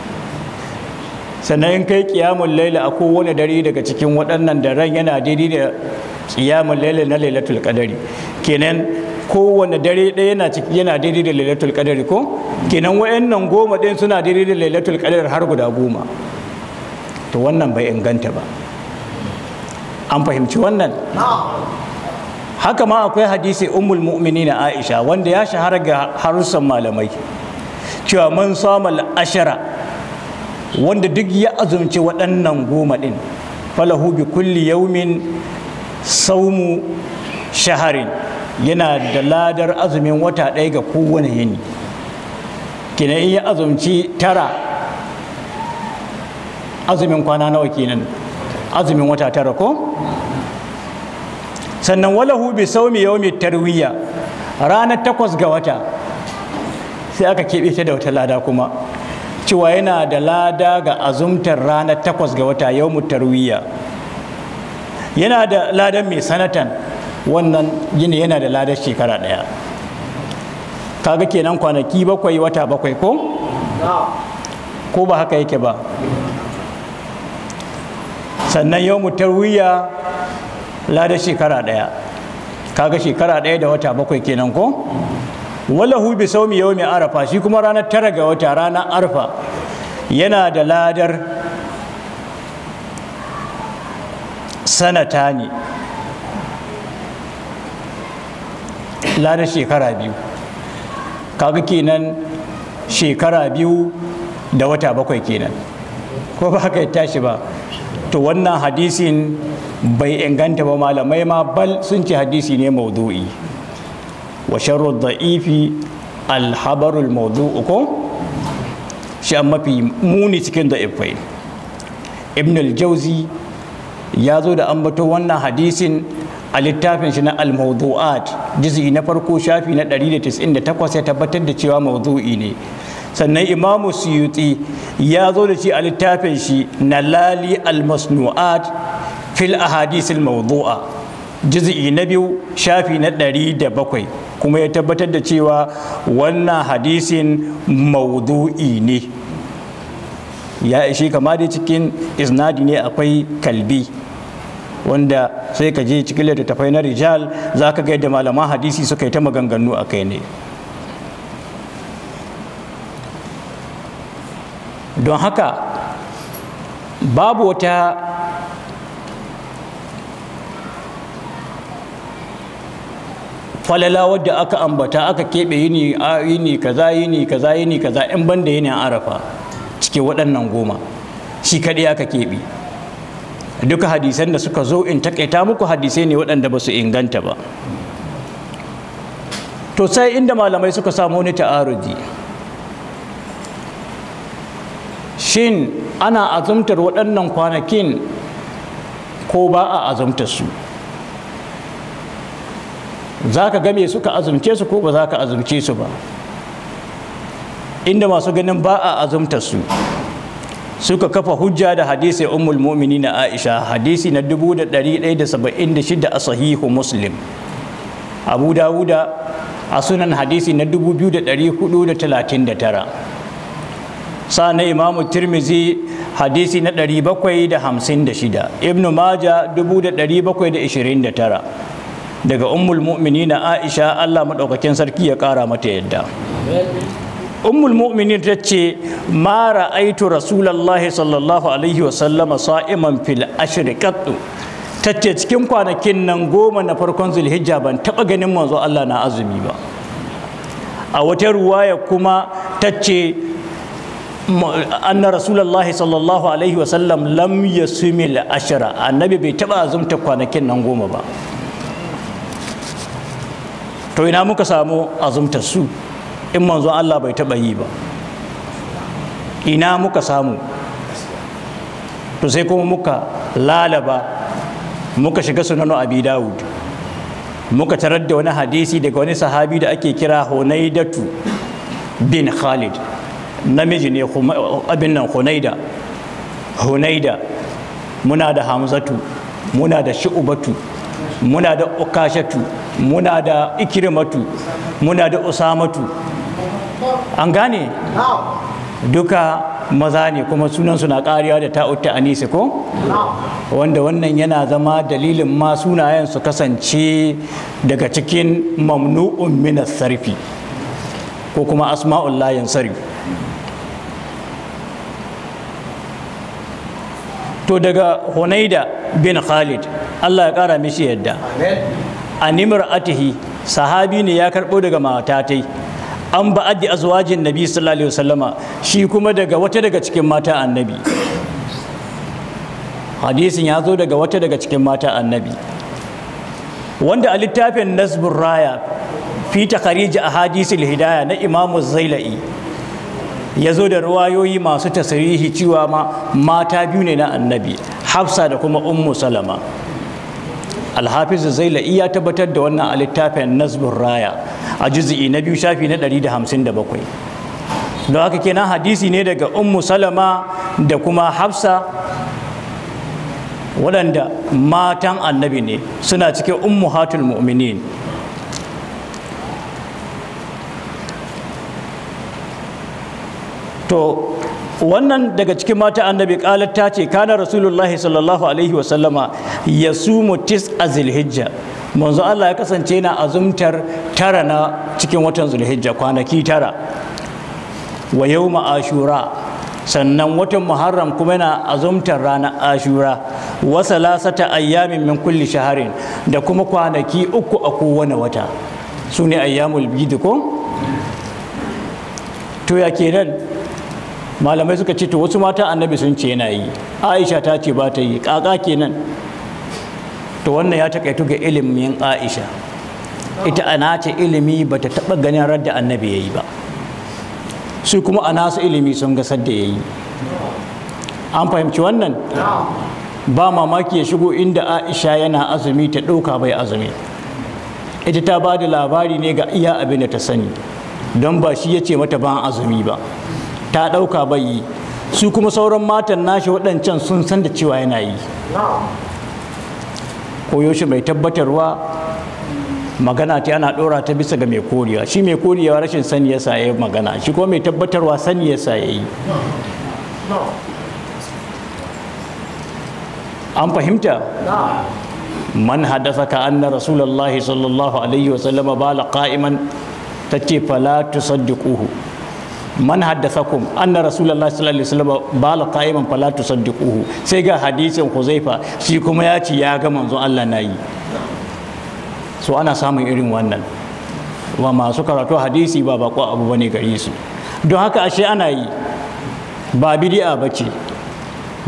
sannan in kai kiyamun laila a kowane dare daga cikin waɗannan daren yana daidai da kiyamun laila na lailatul qadari kenan kowane dare ɗaya yana ciki yana daidai da lailatul qadari ko kenan wayannan goma ɗin suna daidai da lailatul qadari har guda goma to wannan bai inganta ba an fahimci wannan haka ma akwai hadisi ummul mu'minina aisha wanda ya shahara ga harsan malamai cewa man samal ashara wanda duk ya azumci waɗannan goma ɗin falahu bi kulli yaumin saumu shaharin yana da ladar azumin wata ɗaya ga kowane yini kina in azumci tara azumin kwana nawa kenan azumin wata tara ko sannan walahu bi saumi yaumi tarwiya ranar takwas ga wata sai aka keɓe ta da wata lada kuma cewa yana da lada ga azumtar ranar takwas ga wata yau mutarwiya yana da ladan mai sanatan wannan gini yana da ladar shekara ɗaya kaga kenan kwanaki bakwai wata bakwai ko ko ba haka yake ba sannan yau mutarwiya ladar shekara ɗaya kaga shekara ɗaya da wata bakwai kenan ko walahu bi saumi yawmi arfa, shi kuma ranar tara ga wata ranar arfa yana da ladar sanata ne ladar shekara biyu kaga kenan shekara biyu da wata bakwai kenan ko ba ka tashi ba to wannan hadisin bai inganta ba malamai ma bal sun ce hadisi ne maudu'i wa sharru da'ifi alhabarul mawdu'u ko shi an mafi muni cikin da'ifai ibn al-jauzi ya zo da ambato wannan hadisin a littafin shi na al-mawdu'at juz'i na farko shafi na 198 ya tabbatar da cewa maudu'i ne sannan imamu suyuti ya zo da shi a littafin shi na lali al-masnu'at fil ahadisil maudu'a. juz'i na biyu shafi na ɗari da bakwai kuma ya tabbatar da cewa wannan hadisin maudu'i ne ya ishe kama da cikin isnadi ne akwai kalbi wanda sai ka je cikin littattafai na rijal za ka ga yadda malaman hadisi suka yi ta maganganu a kai ne don haka babu wata falala wadda aka ambata aka keɓe yini a yini kaza yini kaza yini kaza in banda yini arafa cike waɗannan goma shi kaɗai aka keɓe duka hadisan da suka zo in taƙaita muku hadisai ne waɗanda ba su inganta ba to sai inda malamai suka samu wani ta'arudi shin ana azumtar waɗannan kwanakin ko ba a azumtar su za ka game su ka azumce su ko ba za ka azumce su ba inda masu ganin ba a azumta su suka kafa hujja da hadisi ummul na aisha hadisi na 1176 a sahihu muslim abu dawuda a sunan hadisi na 2439 sa na imamu tirmizi hadisi na 756 ibnu maja 1729 daga ummul mu'minina Aisha Allah madaukakin sarki ya kara mata yadda ummul mu'minin ta ce ma ra'aitu rasulullahi sallallahu alaihi wa sallama sa'iman fil ashri qattu ta ce cikin kwanakin nan goma na farkon zulhijja ban taba ganin manzo Allah na azumi ba a wata ruwaya kuma ta ce anna rasulullahi sallallahu alaihi wa sallam lam yasumil ashra annabi bai taba azumta kwanakin nan goma ba to ina muka samu azumtar su in manzo Allah bai taɓa yi ba ina muka samu to sai kuma muka lalaba muka shiga sunanu abi dawud muka tarar da wani hadisi daga wani sahabi da ake kira hunaidatu bin khalid namiji ne abin nan hunaida hunaida muna da hamzatu muna da shi'ubatu muna da ukashatu muna da ikirmatu muna da usamatu an gane duka maza ne kuma sunansu na kariya da ta'utta anisa ko wanda wannan yana zama dalilin ma sunayen su kasance daga cikin mamnu'un minas sarfi ko kuma asma'ul layin sarfi to daga hunaida bin khalid allah ya kara mishi yadda animar atihi sahabi ne ya karɓo daga matatai an ba ba'addi azwajin nabi sallallahu alaihi wasallama shi kuma daga wata daga cikin mata annabi hadisin ya zo daga wata daga cikin mata annabi wanda a littafin nasbur raya fi takharij ahadisil hidaya na imamu zaila'i ya zo da ruwayoyi masu tasirihi cewa ma mata biyu ne na annabi hafsa da kuma ummu salama alhafizu zailai ya tabbatar da wannan a littafin nasbin raya a juzi'i na biyu shafi na 157 don haka kenan hadisi ne daga ummu salama da kuma hafsa waɗanda matan annabi ne suna cikin ummu hatul mu'minin to wannan daga cikin mata annabi kalar ta ce kana rasulullahi sallallahu alaihi wasallama mutis tis'a zilhijja manzo Allah ya kasance na azumtar tara na cikin watan zulhijja kwanaki tara wa yau ashura sannan watan muharram kuma yana azumtar rana ashura wa salasata ayyamin min kulli shaharin da kuma kwanaki uku a kowane wata Su ne ayyamul bid ko to ya kenan malamai suka ce to wasu mata annabi sun ce yana yi aisha ta ce ba ta yi kaka kenan to wannan ya takaitu ga ilimin aisha ita ana ce ilimi ba ta taɓa ganin radda annabi ya yi ba su kuma a nasu ilimi sun gasar da ya yi an fahimci wannan ba mamaki ya shigo inda aisha yana azumi ta ɗauka bai azumi ita ta ba da labari ne ga iya abin da ta sani don ba shi ya ce mata ban azumi ba ta ɗauka bai yi su kuma sauran matan nashi waɗancan sun san da cewa yana yi koyoshi mai tabbatarwa magana ta yana ɗora ta bisa ga mai koriya shi mai koriya rashin sani yasa ya magana shi kuma mai tabbatarwa sani yasa ya yi an fahimta man haddasa ka anna Rasulallah sallallahu alaihi wasallama bala qa'iman tace fala tusaddiquhu man haddathakum anna rasulullahi sallallahu alaihi wasallam bala qa'iman fala tusaddiquhu sai ga hadisin Huzaifa shi kuma ya ci ya ga manzon Allah nayi so ana samun irin wannan wa masu karatu hadisi ba bako abu bane gare su don haka ashe ana yi ba bid'a bace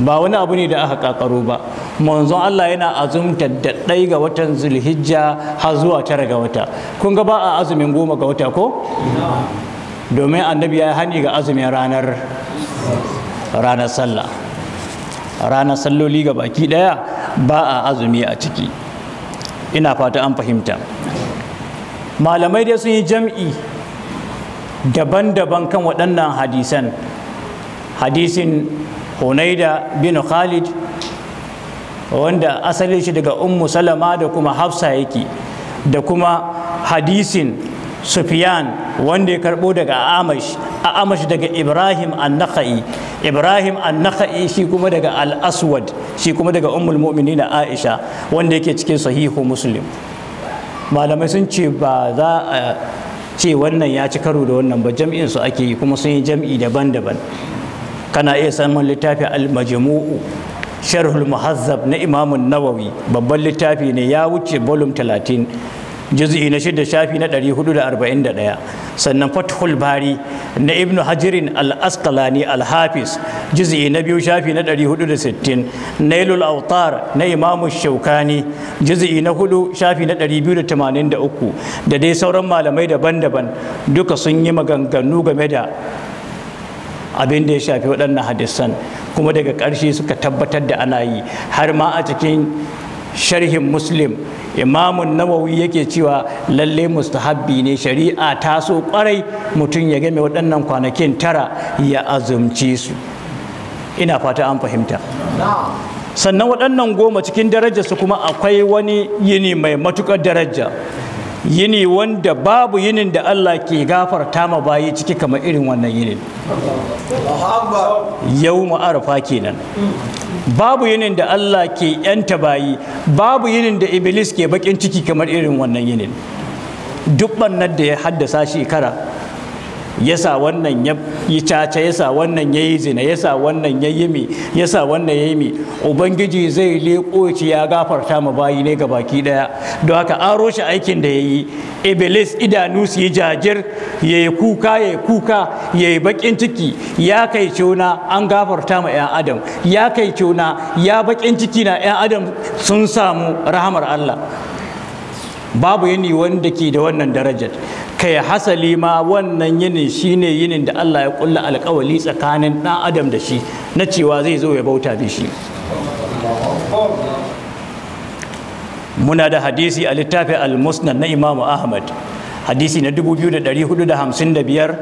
ba wani abu ne da aka kakaro ba manzon Allah yana azumta da ɗai ga watan zulhijja har zuwa tara ga wata kun ga ba a azumin goma ga wata ko domin annabi ya hani ga azumin ranar ranar sallah ranar salloli ga baki daya ba a azumi a ciki ina fata an fahimta malamai dai sun yi jam'i daban-daban kan waɗannan hadisan hadisin hunaida bin khalid wanda asalin shi daga ummu salama da kuma hafsa yake da kuma hadisin Sufiyan wanda ya karbo daga Amash Amash daga Ibrahim an-Nakhai Ibrahim an-Nakhai shi kuma daga Al-Aswad shi kuma daga Ummul Mu'minin Aisha wanda yake cikin Sahihu Muslim malamai sun ce ba za a ce wannan ya ci karo da wannan ba jam'in su ake yi kuma sun yi jam'i daban-daban kana iya samun littafi al-majmu'u sharhul muhazzab na imamun nawawi babban littafi ne ya wuce volume 30 juz'i na shida shafi na 441 sannan fathul bari na ibnu hajirin al-asqalani al-hafiz juz'i na biyu shafi na 460 nailul autar na imamu shaukani juz'i na hudu shafi na 283 da dai sauran malamai daban-daban duka sun yi maganganu game da abin da ya shafi waɗannan hadisan kuma daga ƙarshe suka tabbatar da ana yi har ma a cikin sharhin muslim imamun nawawi yake cewa lalle mustahabbi ne shari'a ta so kwarai mutum ya game waɗannan kwanakin tara ya azumci su ina fata an fahimta sannan waɗannan goma cikin darajarsu kuma akwai wani yini mai matuƙar daraja yini wanda babu yinin da Allah ke gafarta ma bayi ciki kamar irin wannan yinin yau ma'arafa kenan babu yinin da Allah ke yanta bayi babu yinin da iblis ke bakin ciki kamar irin wannan yinin duk bannar da ya haddasa shekara yasa wannan ya yi caca yasa wannan ya yi zina yasa wannan ya yi mi yasa wannan ya yi mi ubangiji zai leƙo ci ya gafarta ma bayi ne ga baki ɗaya. don haka an roshe aikin da ya yi iblis idanu su yi jajir ya yi kuka ya yi kuka ya yi bakin ciki ya kai cuna an gafarta ma yan adam ya kai cuna ya bakin ciki na yan adam sun samu rahamar allah babu yini wanda ke da wannan darajar kai hasali ma wannan yinin shine yinin da Allah ya kulla alƙawali tsakanin ɗan adam da shi na cewa zai zo ya bauta bi shi muna da hadisi a littafi al-musnad na imamu ahmad hadisi na 2455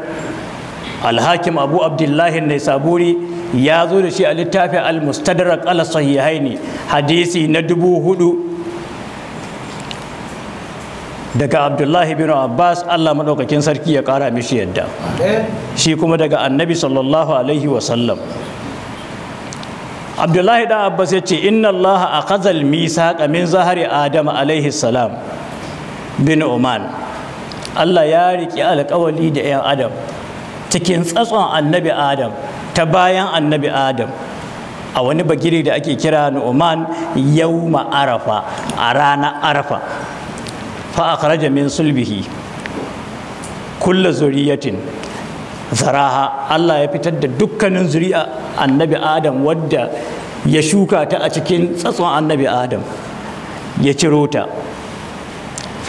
alhakim abu abdullahi ne saburi ya zo da shi a littafi al-mustadrak ala sahihaini hadisi na dubu hudu daga abdullahi bin abbas allah maɗaukakin sarki ya ƙara mishi yadda shi kuma daga annabi sallallahu alaihi wasallam abdullahi dan abbas ya ce inna allah a kazal misa min zahari adam alaihi salam bin oman allah ya riƙe alƙawali da 'yan adam cikin tsatson annabi adam ta bayan annabi adam a wani bagire da ake kira nu'man yau ma'arafa a ranar arafa fa akhraja min sulbihi kullu zuriyatin zaraha Allah ya fitar da dukkanin zuri'a annabi Adam wadda ya shuka ta a cikin tsatson annabi Adam ya ciro ta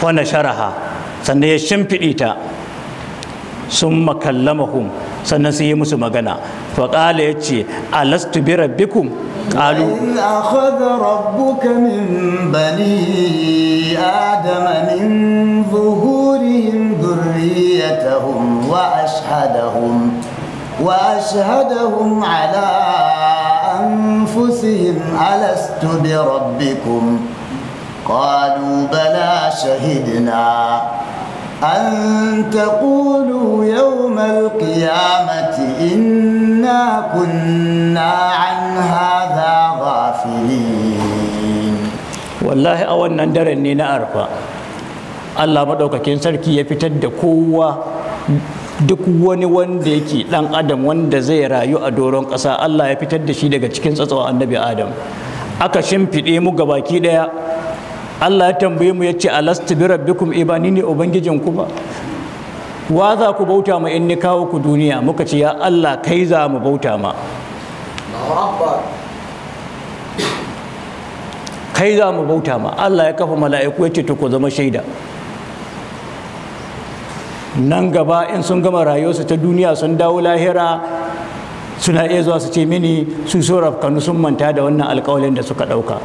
fa sharaha sannan ya shimfiɗe ta sun makalla mahum. sannan sai yi musu magana faƙala ya ce alastu bi rabbikum قالوا إذ أخذ ربك من بني آدم من ظهورهم ذريتهم وأشهدهم وأشهدهم على أنفسهم ألست بربكم قالوا بلى شهدنا أن تقولوا يوم القيامة إنا كنا عن هذا غافلين والله أولا درني أني Allah maɗaukakin sarki ya fitar da kowa duk wani wanda yake ɗan adam wanda zai rayu a doron ƙasa Allah ya fitar da shi daga cikin tsatsawa annabi Adam aka shimfiɗe mu ga baki ɗaya Allah ya tambaye mu ya ce alastu bi rabbikum ibani ne ubangijin ku ba wa za ku bauta ma in ni kawo ku duniya muka ce ya Allah kai za mu bauta ma kai za mu bauta ma Allah ya kafa mala'iku ya ce to ku zama shaida nan gaba in sun gama rayuwarsu ta duniya sun dawo lahira suna iya zuwa su ce mini su so rafkanu sun manta da wannan alƙawalin da suka ɗauka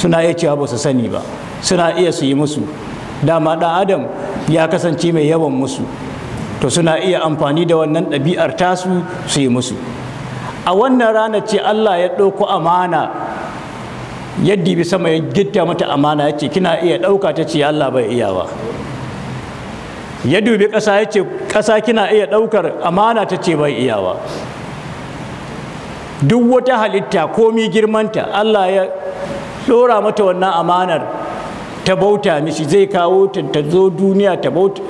suna iya cewa ba su sani ba suna iya su yi musu dama ɗan adam ya kasance mai yawan musu to suna iya amfani da wannan ɗabi'ar tasu su yi musu a wannan ranar ce allah ya ɗauko amana yadda bi sama ya gidda mata amana ya ce kina iya ɗauka ta ce allah bai iyawa ya dubi ƙasa ya ce ƙasa kina iya ɗaukar amana ta ce bai iyawa duk wata halitta komi girmanta allah ya ɗora mata wannan amanar ta bauta mishi zai kawo ta zo duniya ta bauta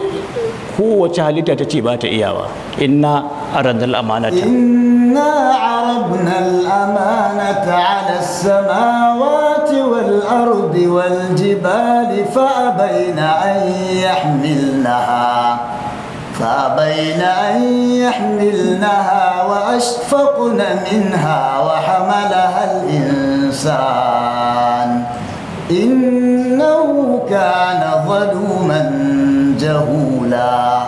kowace halitta ta ce ba ta iyawa inna aradna amanata inna aradna al-amanata ala as-samawati wal-ardi wal-jibali fa abayna an yahmilnaha فأبين أن يحملنها وأشفقن منها وحملها الإنسان كان ظلوما جهولا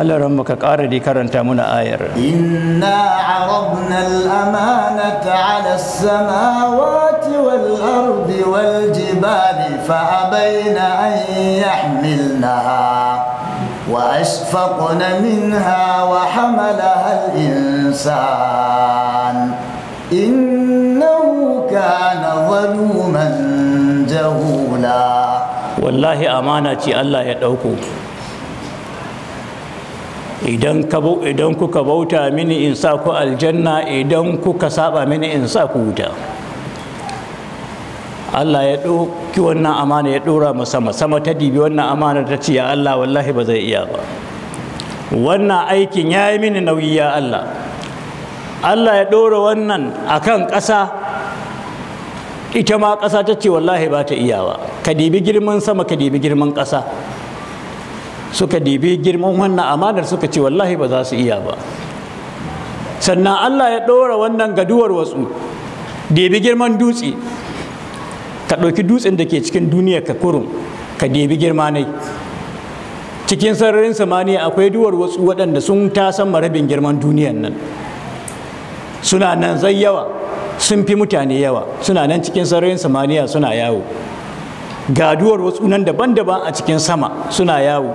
ألا رمك أردي كرنت من آير إنا عرضنا الأمانة على السماوات والأرض والجبال فأبين أن يحملنها وأشفقن منها وحملها الإنسان إنه كان ظلوما جهولا wallahi amana ce Allah ya ɗauko idan kuka bauta mini in sa ku aljanna idan kuka saba mini in sa ku wuta Allah ya ɗauki wannan amana ya ɗora mu sama sama ta dibi wannan amana ta ce ya Allah wallahi ba zai iya ba wannan aikin ya yi mini nauyi ya Allah Allah ya ɗora wannan akan ƙasa ita ma ƙasa ta ce wallahi ba ta iyawa ka dibi girman sama ka dibi girman ƙasa suka dibi girman wannan amanar suka ce wallahi ba za su iya ba sannan Allah ya ɗora wannan gaduwar wasu debi girman dutse ka ɗauki dutsen da ke cikin duniya ka kurum ka dibi girma ne cikin sararin samaniya akwai duwar wasu waɗanda sun tasan marabin girman duniyan nan suna nan zai yawa sun fi mutane yawa suna nan cikin sararin samaniya suna yawo gaduwar wasu nan daban-daban a cikin sama suna yawo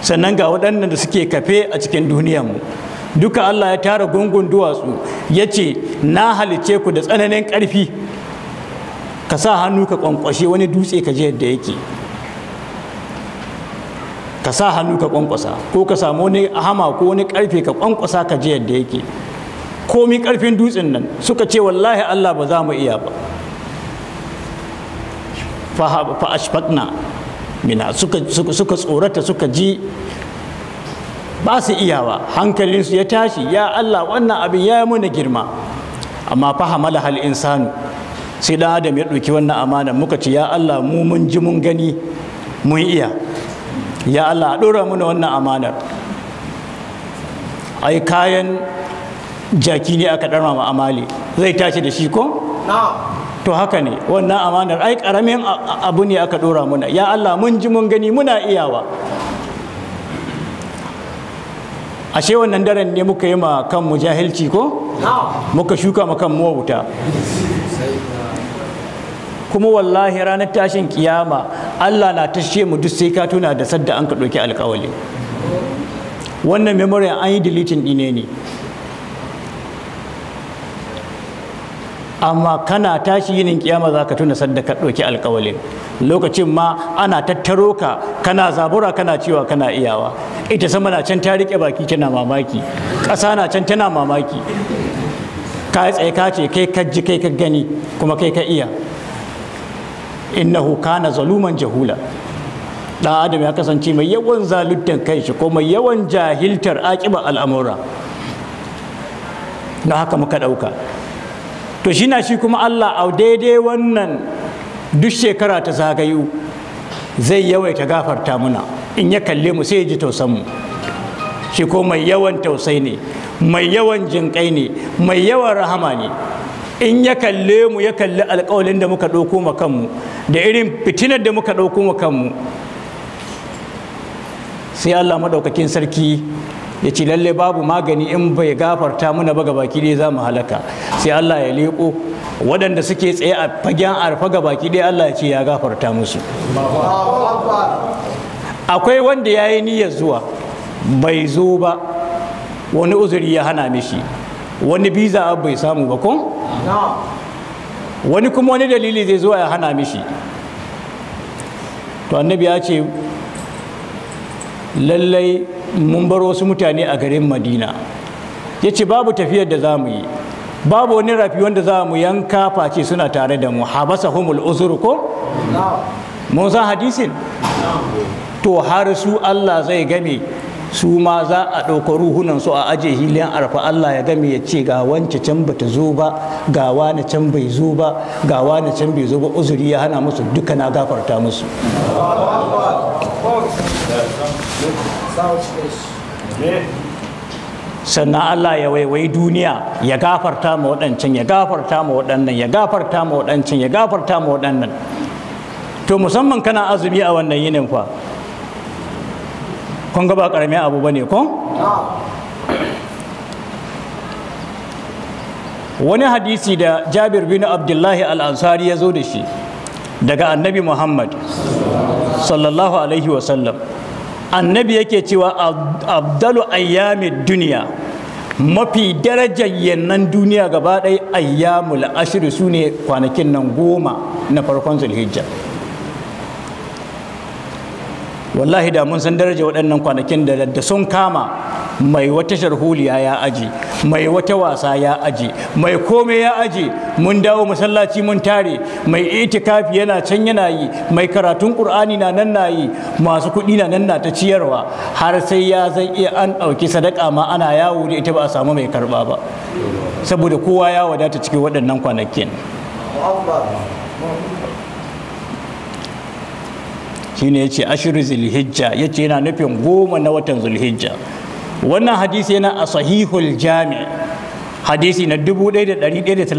sannan ga waɗannan da suke kafe a cikin duniyanmu duka Allah ya tara gungun duwatsu ya ce na halice ku da tsananin ƙarfi ka sa hannu ka ƙwanƙwashe wani dutse ka je yadda yake ka sa hannu ka ƙwanƙwasa ko ka samu wani hama ko wani ƙarfe ka ƙwanƙwasa ka je yadda yake komi karfin dutsen nan suka ce wallahi Allah ba za mu iya ba fa ashfaqna mina suka suka tsorata suka ji ba su iyawa hankalinsu ya tashi ya Allah wannan abin ya yi mana girma amma fahamala hal insanu sai dan adam ya ɗauki wannan amana muka ce ya Allah mu mun ji mun gani mun iya ya Allah a mana wannan amanar ai kayan jaki ne aka ɗarma ma amali zai tashi da shi ko to haka ne wannan amanar ai ƙaramin abu ne aka ɗora muna ya Allah mun ji mun gani muna iyawa ashe wannan daren ne muka yi ma kanmu jahilci ko muka shuka ma kanmu wuta kuma wallahi ranar tashin kiyama Allah na tashe mu duk sai ka tuna da sadda an ka ɗauki alkawali wannan memorial an yi deleting ɗine ne amma kana tashi yinin kiyama za ka tuna sadda ka ɗauki alkawalin lokacin ma ana tattaro ka kana zabura kana cewa kana iyawa ita sama na can ta riƙe baki tana mamaki ƙasa na can tana mamaki ka yi tsaye ka ce kai ka ji kai ka gani kuma kai ka iya innahu kana zaluman jahula ɗan adam ya kasance mai yawan kai shi ko mai yawan jahiltar aƙiba al'amura Na haka muka ɗauka to shi na shi kuma Allah a daidai wannan duk shekara ta zagayu zai yawaita gafarta muna in ya kalle mu sai ya ji tausanmu shi ko mai yawan tausai ne mai yawan jinƙai ne mai yawan rahama ne in ya kalle mu ya kalli alƙawalin da muka ɗauko ma kanmu da irin fitinar da muka ɗauko ma kanmu sai Allah maɗaukakin sarki ya ce lalle babu magani in bai gafarta muna ba gabaki ɗaya za mu halaka sai Allah ya leƙo waɗanda suke tsaye a fagen arfa gabaki ɗaya Allah ya ce ya gafarta musu akwai wanda ya yi niyyar zuwa bai zo ba wani uzuri ya hana mishi wani biza bai samu ba kun wani kuma wani dalili zai zo ya hana mishi to annabi ya ce lallai mun bar wasu mutane a garin madina ya ce babu tafiyar da za mu yi babu wani rafi wanda za mu yanka face suna tare da mu habasa humul uzur ko mun san hadisin to har su allah zai game su ma za a ɗauka ruhunan su a aje hiliyan arfa Allah ya game ya ce ga wance can bata zo ba ga wani can bai zo ba ga wani can bai zo ba uzuri ya hana musu duka na gafarta musu sannan Allah ya waiwai duniya ya gafarta ma waɗancan ya gafarta ma waɗannan ya gafarta ma waɗancan ya gafarta ma waɗannan to musamman kana azumi a wannan yinin fa kun ga ba ƙaramin abu ba ne kun wani hadisi da jabir bin abdullahi al-ansari ya zo da shi daga annabi muhammad sallallahu alaihi wasallam annabi yake cewa abdalu ayyami duniya mafi darajar yannan duniya gaba ɗaya ayyamul ashiru su ne kwanakin nan goma na farkon zulhijja wallahi da mun san daraja waɗannan kwanakin da sun kama mai wata sharhuliya ya aji mai wata wasa ya aji mai kome ya aji mun dawo masallaci mun tare mai itikafi yana can yana yi mai karatun qur'ani na nan na yi masu kuɗi na nan na ta ciyarwa har sai ya zan iya an ɗauki sadaka ma ana yawo da ita ba a samu mai karɓa ba saboda kowa ya wadata cikin waɗannan kwanakin shine yace ashiru zulhijja yace yana nufin goma na watan zulhijja wannan hadisi yana a sahihul jami hadisi na 1133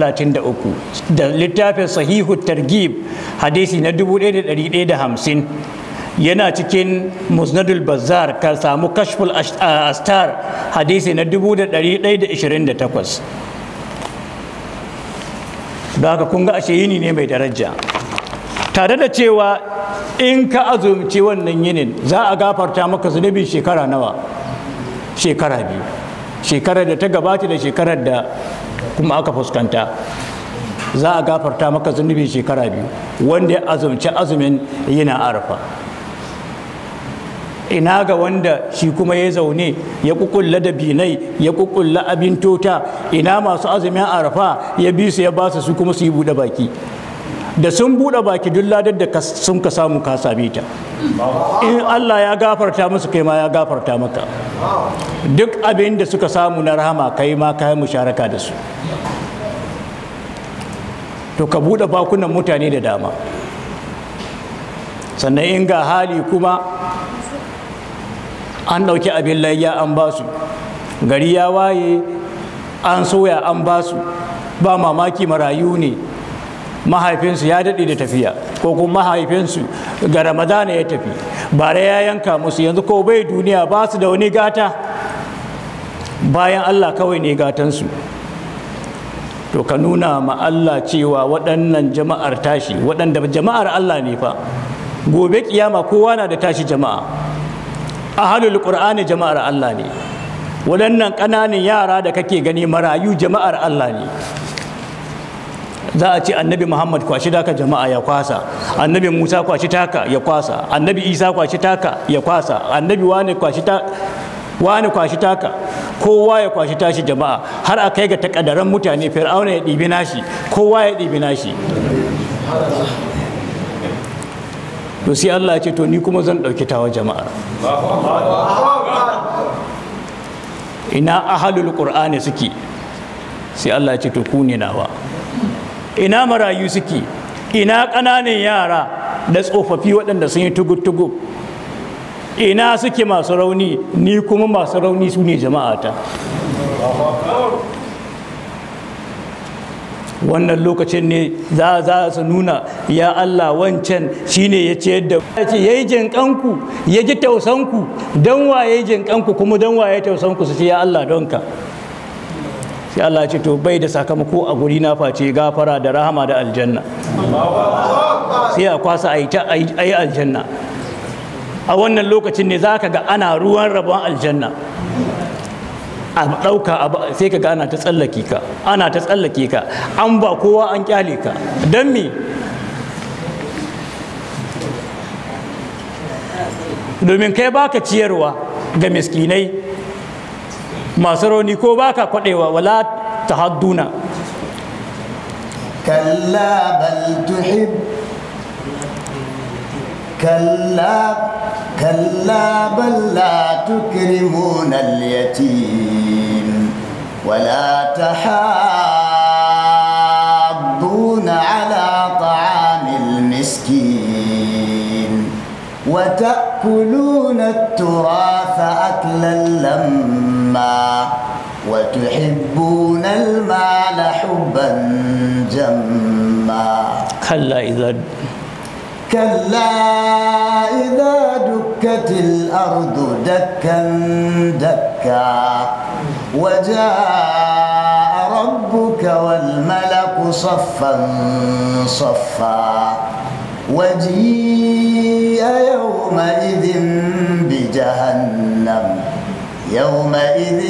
da littafin Sahihul targib hadisi na 1150 yana cikin musnadul bazar ka samu kashful astar hadisi na 1128 da haka kun ga ashe yini ne mai daraja tare da cewa in ka azumci wannan yinin za a gafarta maka zunubin shekara nawa shekara biyu shekarar da ta gabata da shekarar da kuma aka fuskanta za a gafarta maka zunubin shekara biyu wanda ya azumci azumin yana arafa ina ga wanda shi kuma ya zaune ya kukulla da binai ya kukulla abin tota ina masu azumin arafa ya bi su ya ba su su kuma su yi bude baki da sun buɗe baki duk ladar da sun ka samu ka same ta in Allah ya gafarta musu kai ma ya gafarta maka duk abin da suka samu na rahama kai ma ka yi musharaka da su to ka buɗe bakunan mutane da dama sannan in ga hali kuma an ɗauki abin layya an ba su gari ya waye an soya an ba su ba mamaki marayu ne mahaifinsu ya daɗe da tafiya ko kuma mahaifinsu ga ramadana ya tafi Ba ra ya yanka musu yanzu ko bai duniya ba su da wani gata bayan allah kawai ne gatansu to ka nuna ma allah cewa waɗannan jama'ar tashi waɗanda jama'ar allah ne fa gobe kiyama kowa na da tashi jama'a A ahalul qur'ani jama'ar allah ne waɗannan ƙananan yara da kake gani marayu jama'ar allah ne za a ce annabi muhammad kwashi daka jama'a ya kwasa annabi musa kwashi taka ya kwasa annabi isa kwashi taka ya kwasa annabi wane kwashi taka wani kwashi taka kowa ya kwashi tashi jama'a har a kai ga takadaran mutane fir'auna ya ɗibi nashi kowa ya ɗibi nashi to sai Allah ce to ni kuma zan ɗauki tawa jama'a ina ahalul qur'ani suke sai Allah ce to ku ne nawa ina marayu suke ina ƙananan yara da tsofaffi waɗanda sun yi tugu ina suke masu rauni ni kuma masu rauni su ne jama'ata wannan lokacin ne za a su nuna ya Allah wancan shine ya ce yadda ya yi jinkanku ya ji tausanku don wa yi jinkanku kuma don wa waye tausanku su ce ya Allah donka sai Allah ce to bai da sakamako a guri na face gafara da rahama da aljanna sai a kwasa a yi aljanna a wannan lokacin ne za ka ga ana ruwan rabon aljanna a ɗauka sai ka ga ana ta tsallake ka ana ta tsallake ka an ba kowa an kyale ka don me domin kai baka ciyarwa ga miskinai masu rauni ko baka kwadewa wala tahadduna kalla كلا كلا بل لا تكرمون اليتيم ولا تحاضون على طعام المسكين وتأكلون التراث أكلا لما الماء وتحبون المال حبا جما كلا إذا كلا إذا دكت الأرض دكا دكا وجاء ربك والملك صفا صفا وجيء يومئذ بجهنم يومئذ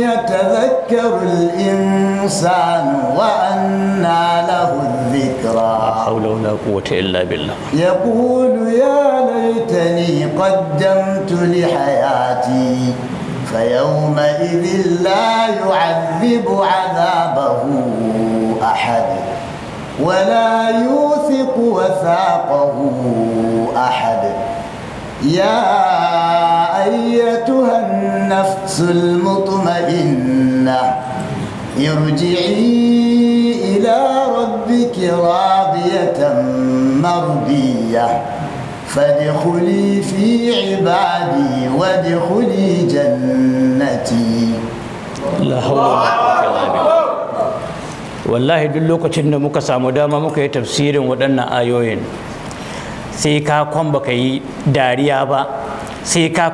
يتذكر الإنسان وأنى له الذكرى لا حول ولا قوة إلا بالله يقول يا ليتني قدمت لحياتي فيومئذ لا يعذب عذابه أحد ولا يوثق وثاقه أحد يا أيتها النفس المطمئنة ارجعي إلى ربك راضية مرضية فادخلي في عبادي وادخلي جنتي لا حول wallahi duk lokacin da muka samu dama muka yi tafsirin waɗannan ayoyin sai ka kwan baka yi dariya ba sai ka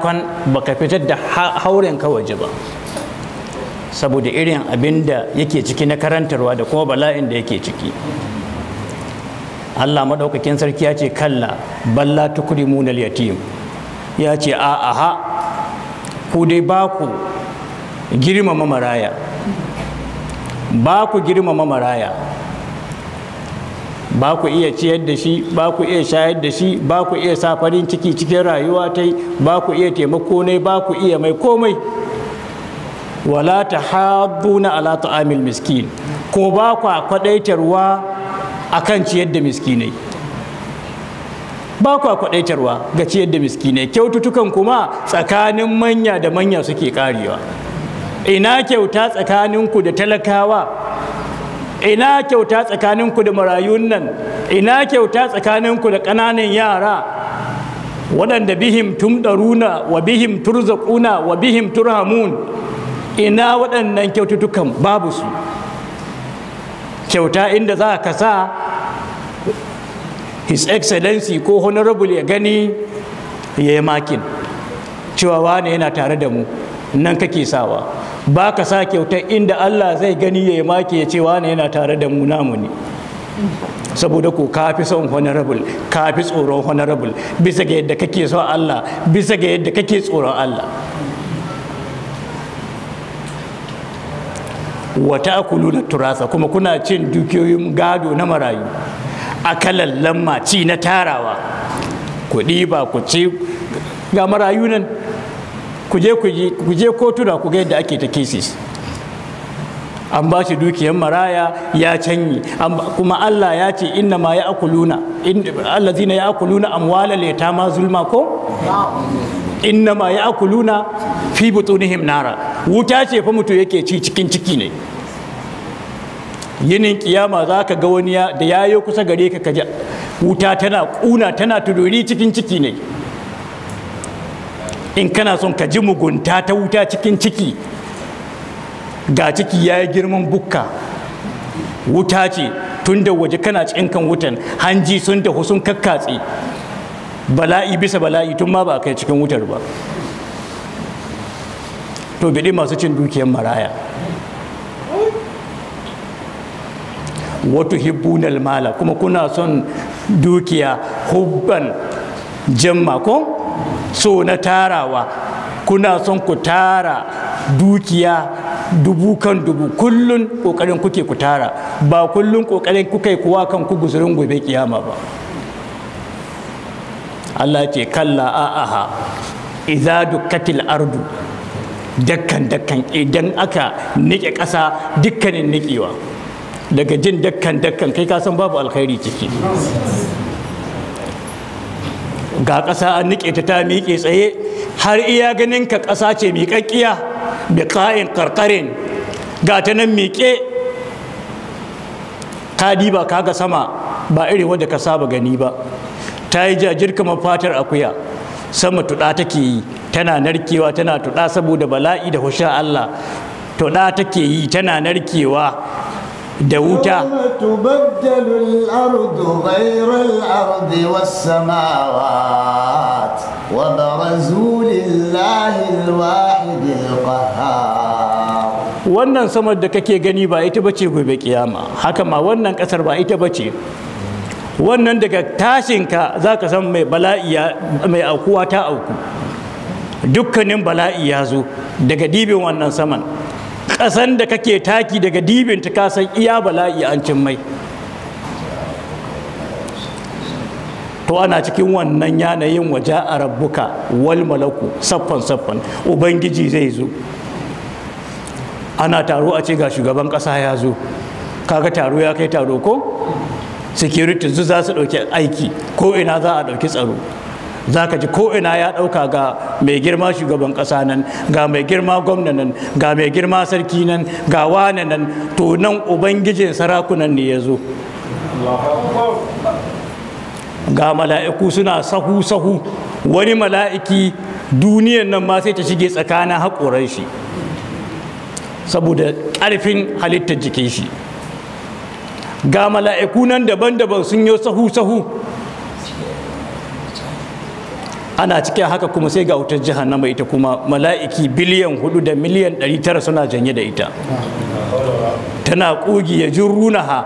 baka fitar da hauren ka waje ba saboda irin abin da yake ciki na karantarwa da kuma bala'in da yake ciki Allah maɗaukakin sarki ya ce kalla balla tukrimun al-yatim ya ce a aha ku dai ba ku girmama maraya ba ku girmama maraya ba ku iya ciyar da shi ba ku iya shayar da shi ba ku iya sa farin ciki cikin rayuwa ta ba ku iya taimako ne ba ku iya mai komai wala ta na ala ta'amil miskin ko ba ku kwadaitarwa kan ciyar da miskinai ba ku kwadaitarwa ga ciyar da miskinai kyaututtukan kuma tsakanin manya da manya suke karewa ina kyauta tsakaninku da talakawa ina kyauta tsakaninku da marayun nan ina kyauta tsakaninku da ƙananan yara waɗanda bihim tumɗaruna wa bihim turzaquna wa bihim turhamun ina waɗannan kyaututtukan babu su kyauta inda za ka sa his excellency ko honorable ya gani ya yi makin cewa wane yana tare da mu nan kake sawa ba ka sa kyautar inda Allah zai gani ya yi maki ya ce wane yana tare da mu namu ne saboda ku ka fi son honorable ka fi tsoron honorable bisa ga yadda kake son Allah bisa ga yadda kake tsoron Allah wata akulu na turasa kuma kuna cin dukiyoyin gado na marayu akalan lamma ci na tarawa ku ba ku ci ga marayu nan ku je ku je kotuna ku ga yadda ake ta cases an ba shi dukiyar maraya ya canyi kuma Allah ya ce inna ma ya akuluna zina ya akuluna amwala ma zulma ko inna ma ya akuluna fi butunihim nara wuta ce fa mutu yake ci cikin ciki ne yinin kiyama za ka ga wani da ya yi kusa gare ka kaja. wuta tana kuna tana tururi cikin ciki ne in kana son ka ji mugunta ta wuta cikin ciki ga ciki ya yi girman bukka wuta ce tun da waje kana cikin kan wutan hanji sun dahu sun kakkatse bala'i bisa bala'i tun ma ba kai cikin wutar ba to biɗi masu cin dukiyar maraya wato hibbunal mala kuma kuna son dukiya hubban jamma ko so na tarawa kuna son ku tara dukiya dubu kan dubu kullun kokarin kuke ku tara ba kullun kokarin kuka yi kuwa kan ku guzurin gobe kiyama ba Allah ce kalla a'aha idza dukkatil ardu dakkan dakkan idan aka nike ƙasa dukkanin nikewa daga jin dakkan dakkan kai ka san babu alkhairi ciki ga ƙasa an niƙe ta ta miƙe tsaye har iya ganin ka ƙasa ce miƙaƙƙiya bi ƙa'in ƙarƙarin ga ta nan miƙe ka diba ka ga sama ba iri wadda ka saba gani ba ta yi jajir kamar fatar akuya sama tuɗa take yi tana narkewa tana tuɗa saboda bala'i da hushin Allah tuɗa take yi tana narkewa da wuta wannan samar da kake gani ba ita bace gobe kiyama haka ma wannan kasar ba ita bace wannan daga tashinka za ka san mai bala'i mai aukuwa ta auku dukkanin bala'i ya zo daga dibin wannan saman ƙasan da kake taki daga dibin ta kasan iya bala'i an cin mai to ana cikin wannan yanayin waje a rabbuka wal malaku saffan saffan ubangiji zai zo ana taro a ce ga shugaban ƙasa ya zo kaga taro ya kai taro ko security zu za su ɗauki aiki ko ina za a ɗauki tsaro za ka ji ko'ina ya ɗauka ga mai girma shugaban ƙasa nan ga mai girma gwamna nan ga mai girma sarki nan ga wane nan to nan ubangijin sarakunan ne ya zo ga mala'iku suna sahu-sahu wani mala'iki duniyan nan ma sai ta shige tsakanin haƙoran shi saboda ƙarfin halittar jikin shi ga mala'iku nan daban-daban sun yi sahu-sahu ana cikin haka kuma sai ga wutar jahannama ita kuma mala'iki biliyan hudu da miliyan ɗari tara suna janye da ita tana ƙugi ya runaha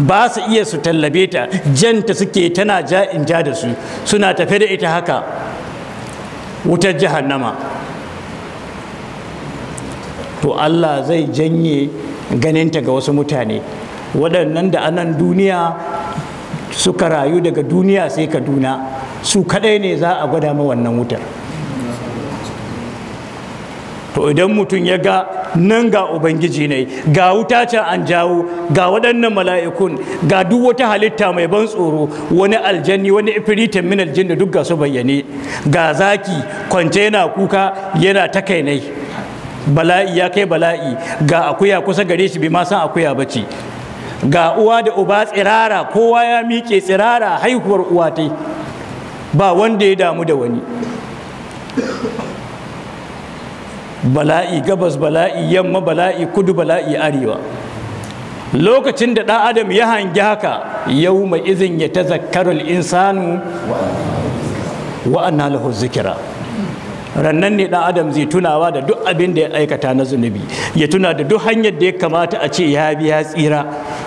ba su iya su tallabe ta janta suke tana ja in ja da su suna tafe da ita haka wutar jahannama to Allah zai janye ganinta ga wasu mutane waɗannan da anan duniya suka rayu daga duniya sai kaduna su kadai ne za a gwada ma wannan wutar to idan mutum ya ga nan ga ubangiji ne ga wuta can an jawo ga waɗannan mala'ikun ga duk wata halitta mai ban tsoro wani aljanni wani ifiritin min da duk ga su bayyane ga zaki kwance yana kuka yana ta kai ne. bala'i ya kai bala'i ga akuya kusa gare shi bai ma san akuya bace ga uwa da uba tsirara kowa ya miƙe tsirara haihuwar uwa tai ba wanda ya damu da wani bala'i gabas bala'i yamma bala'i kudu bala'i arewa lokacin da ɗan adam ya hangi haka yau mai izin ya ta zakarar insanu wa'anna lahu zikira rannan ne dan adam zai tunawa da duk abin da ya aikata na zunubi ya tuna da duk hanyar da ya kamata a ce ya bi ya tsira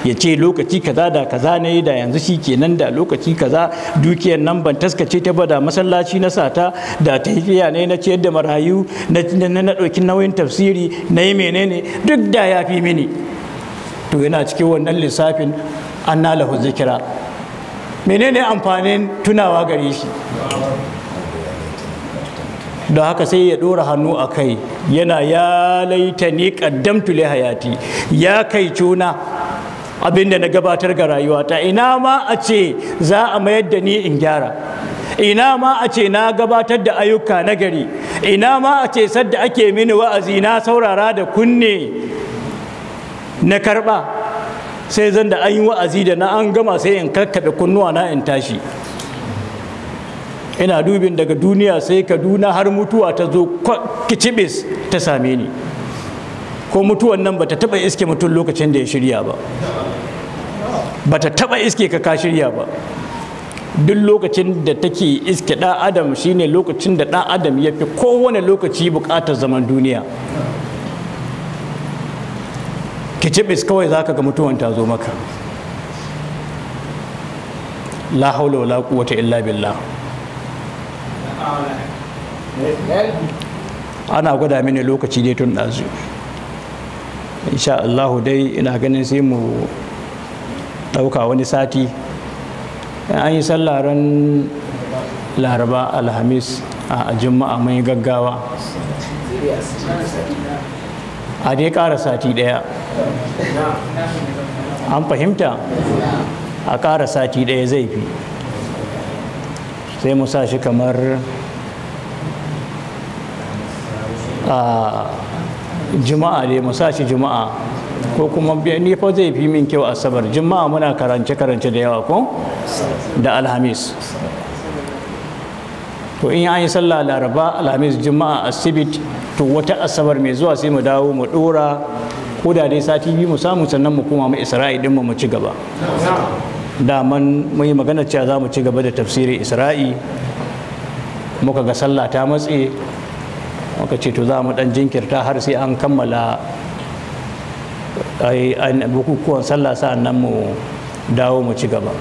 ya ce lokaci kaza da kaza ne da yanzu shi kenan da lokaci kaza dukiyar nan ban taskace ta bada masallaci na sata da tafiya ne na ciyar da marayu na ɗauki nauyin tafsiri na yi menene duk da ya fi mini to yana cikin wannan lissafin an na zikira menene amfanin tunawa gare shi don haka sai ya ɗora hannu a kai yana ya laita ni ƙaddamtu tule hayati ya kai cuna abinda na gabatar ga rayuwata ina ma a ce za a mayar da ni in gyara ina ma a ce na gabatar da ayyuka na gari ina ma a ce sadda ake mini wa'azi na saurara da kunne na karɓa sai zan da an yi wa'azi da na an gama sai in kakkaɓe kunnuwa na in tashi ina dubin daga duniya sai kaduna har mutuwa ta zo kicibis ta same ni ko mutuwan nan bata taba iske mutum lokacin da ya shirya ba bata taba iske ka ka shirya ba duk lokacin da take iske ɗan adam shine lokacin da ɗan adam ya fi kowane lokaci buƙatar zaman duniya kicibis kawai za ka ga mutuwan ta zo maka la haula wala quwwata illa billah ana gwada mini lokaci dai tun ɗazu insha allahu dai ina ganin sai mu ɗauka wani sati an yi ran laraba alhamis a juma'a mai gaggawa a dai ƙara sati ɗaya an fahimta a ƙara sati ɗaya zai fi sai mu sa shi kamar a juma'a ne mu sa shi juma'a ko kuma ni fa zai fi min kyau asabar juma'a muna karance karance da yawa ko da alhamis to in an yi sallah laraba alhamis juma'a asibit to wata asabar mai zuwa sai mu dawo mu dora ko da dai sati biyu mu samu sannan mu koma mu isra'i din mu ci gaba daman mun yi magana cewa za mu ci gaba da tafsirin isra'i muka ga sallah ta matse muka ce to za mu dan jinkirta har sai an kammala bukukuwan sallah sa'an nan mu dawo mu ci gaba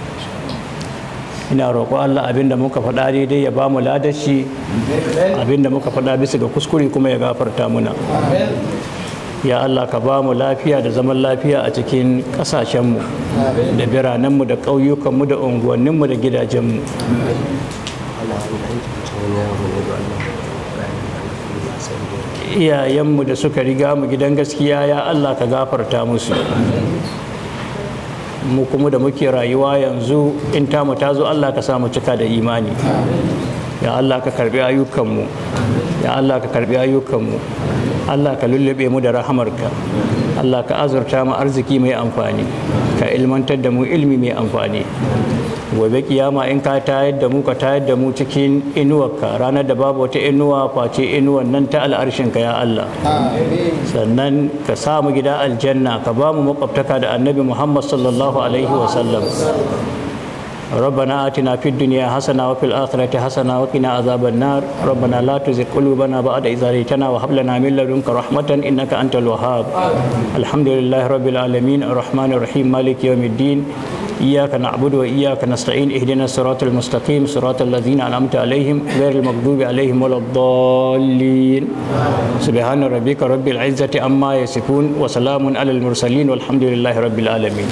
ina roƙo Allah abinda muka faɗa daidai ya ba mu ladashi abinda muka faɗa bisa ga kuskure kuma ya gafarta muna ya Allah ka ba mu lafiya da zaman lafiya a cikin ƙasashenmu da biranenmu da ƙauyukanmu da unguwanninmu da gidajenmu iyayenmu da suka riga mu gidan gaskiya ya Allah ka gafarta musu mu kuma da muke rayuwa yanzu in tamu ta zo Allah ka samu cika da imani ya Allah ka karbi ayyukanmu ya Allah ka karbi ayyukanmu Allah ka lullube mu da rahamarka Allah ka azurta mu arziki mai amfani ka ilmantar da mu ilmi mai amfani gobe kiyama in ka tayar da mu ka tayar da mu cikin inuwarka ranar da babu wata inuwa face inuwar nan ta ka ya Allah sannan ka sa mu gida aljanna ka ba mu makwabtaka da annabi Muhammad sallallahu alaihi wasallam ربنا آتنا في الدنيا حسنة وفي الآخرة حسنة وقنا عذاب النار ربنا لا تزغ قلوبنا بعد إذ هديتنا وهب لنا من لدنك رحمة إنك أنت الوهاب الحمد لله رب العالمين الرحمن الرحيم مالك يوم الدين إياك نعبد وإياك نستعين اهدنا الصراط المستقيم صراط الذين أنعمت عليهم غير المغضوب عليهم ولا الضالين سبحان ربك رب العزة عما يصفون وسلام على المرسلين والحمد لله رب العالمين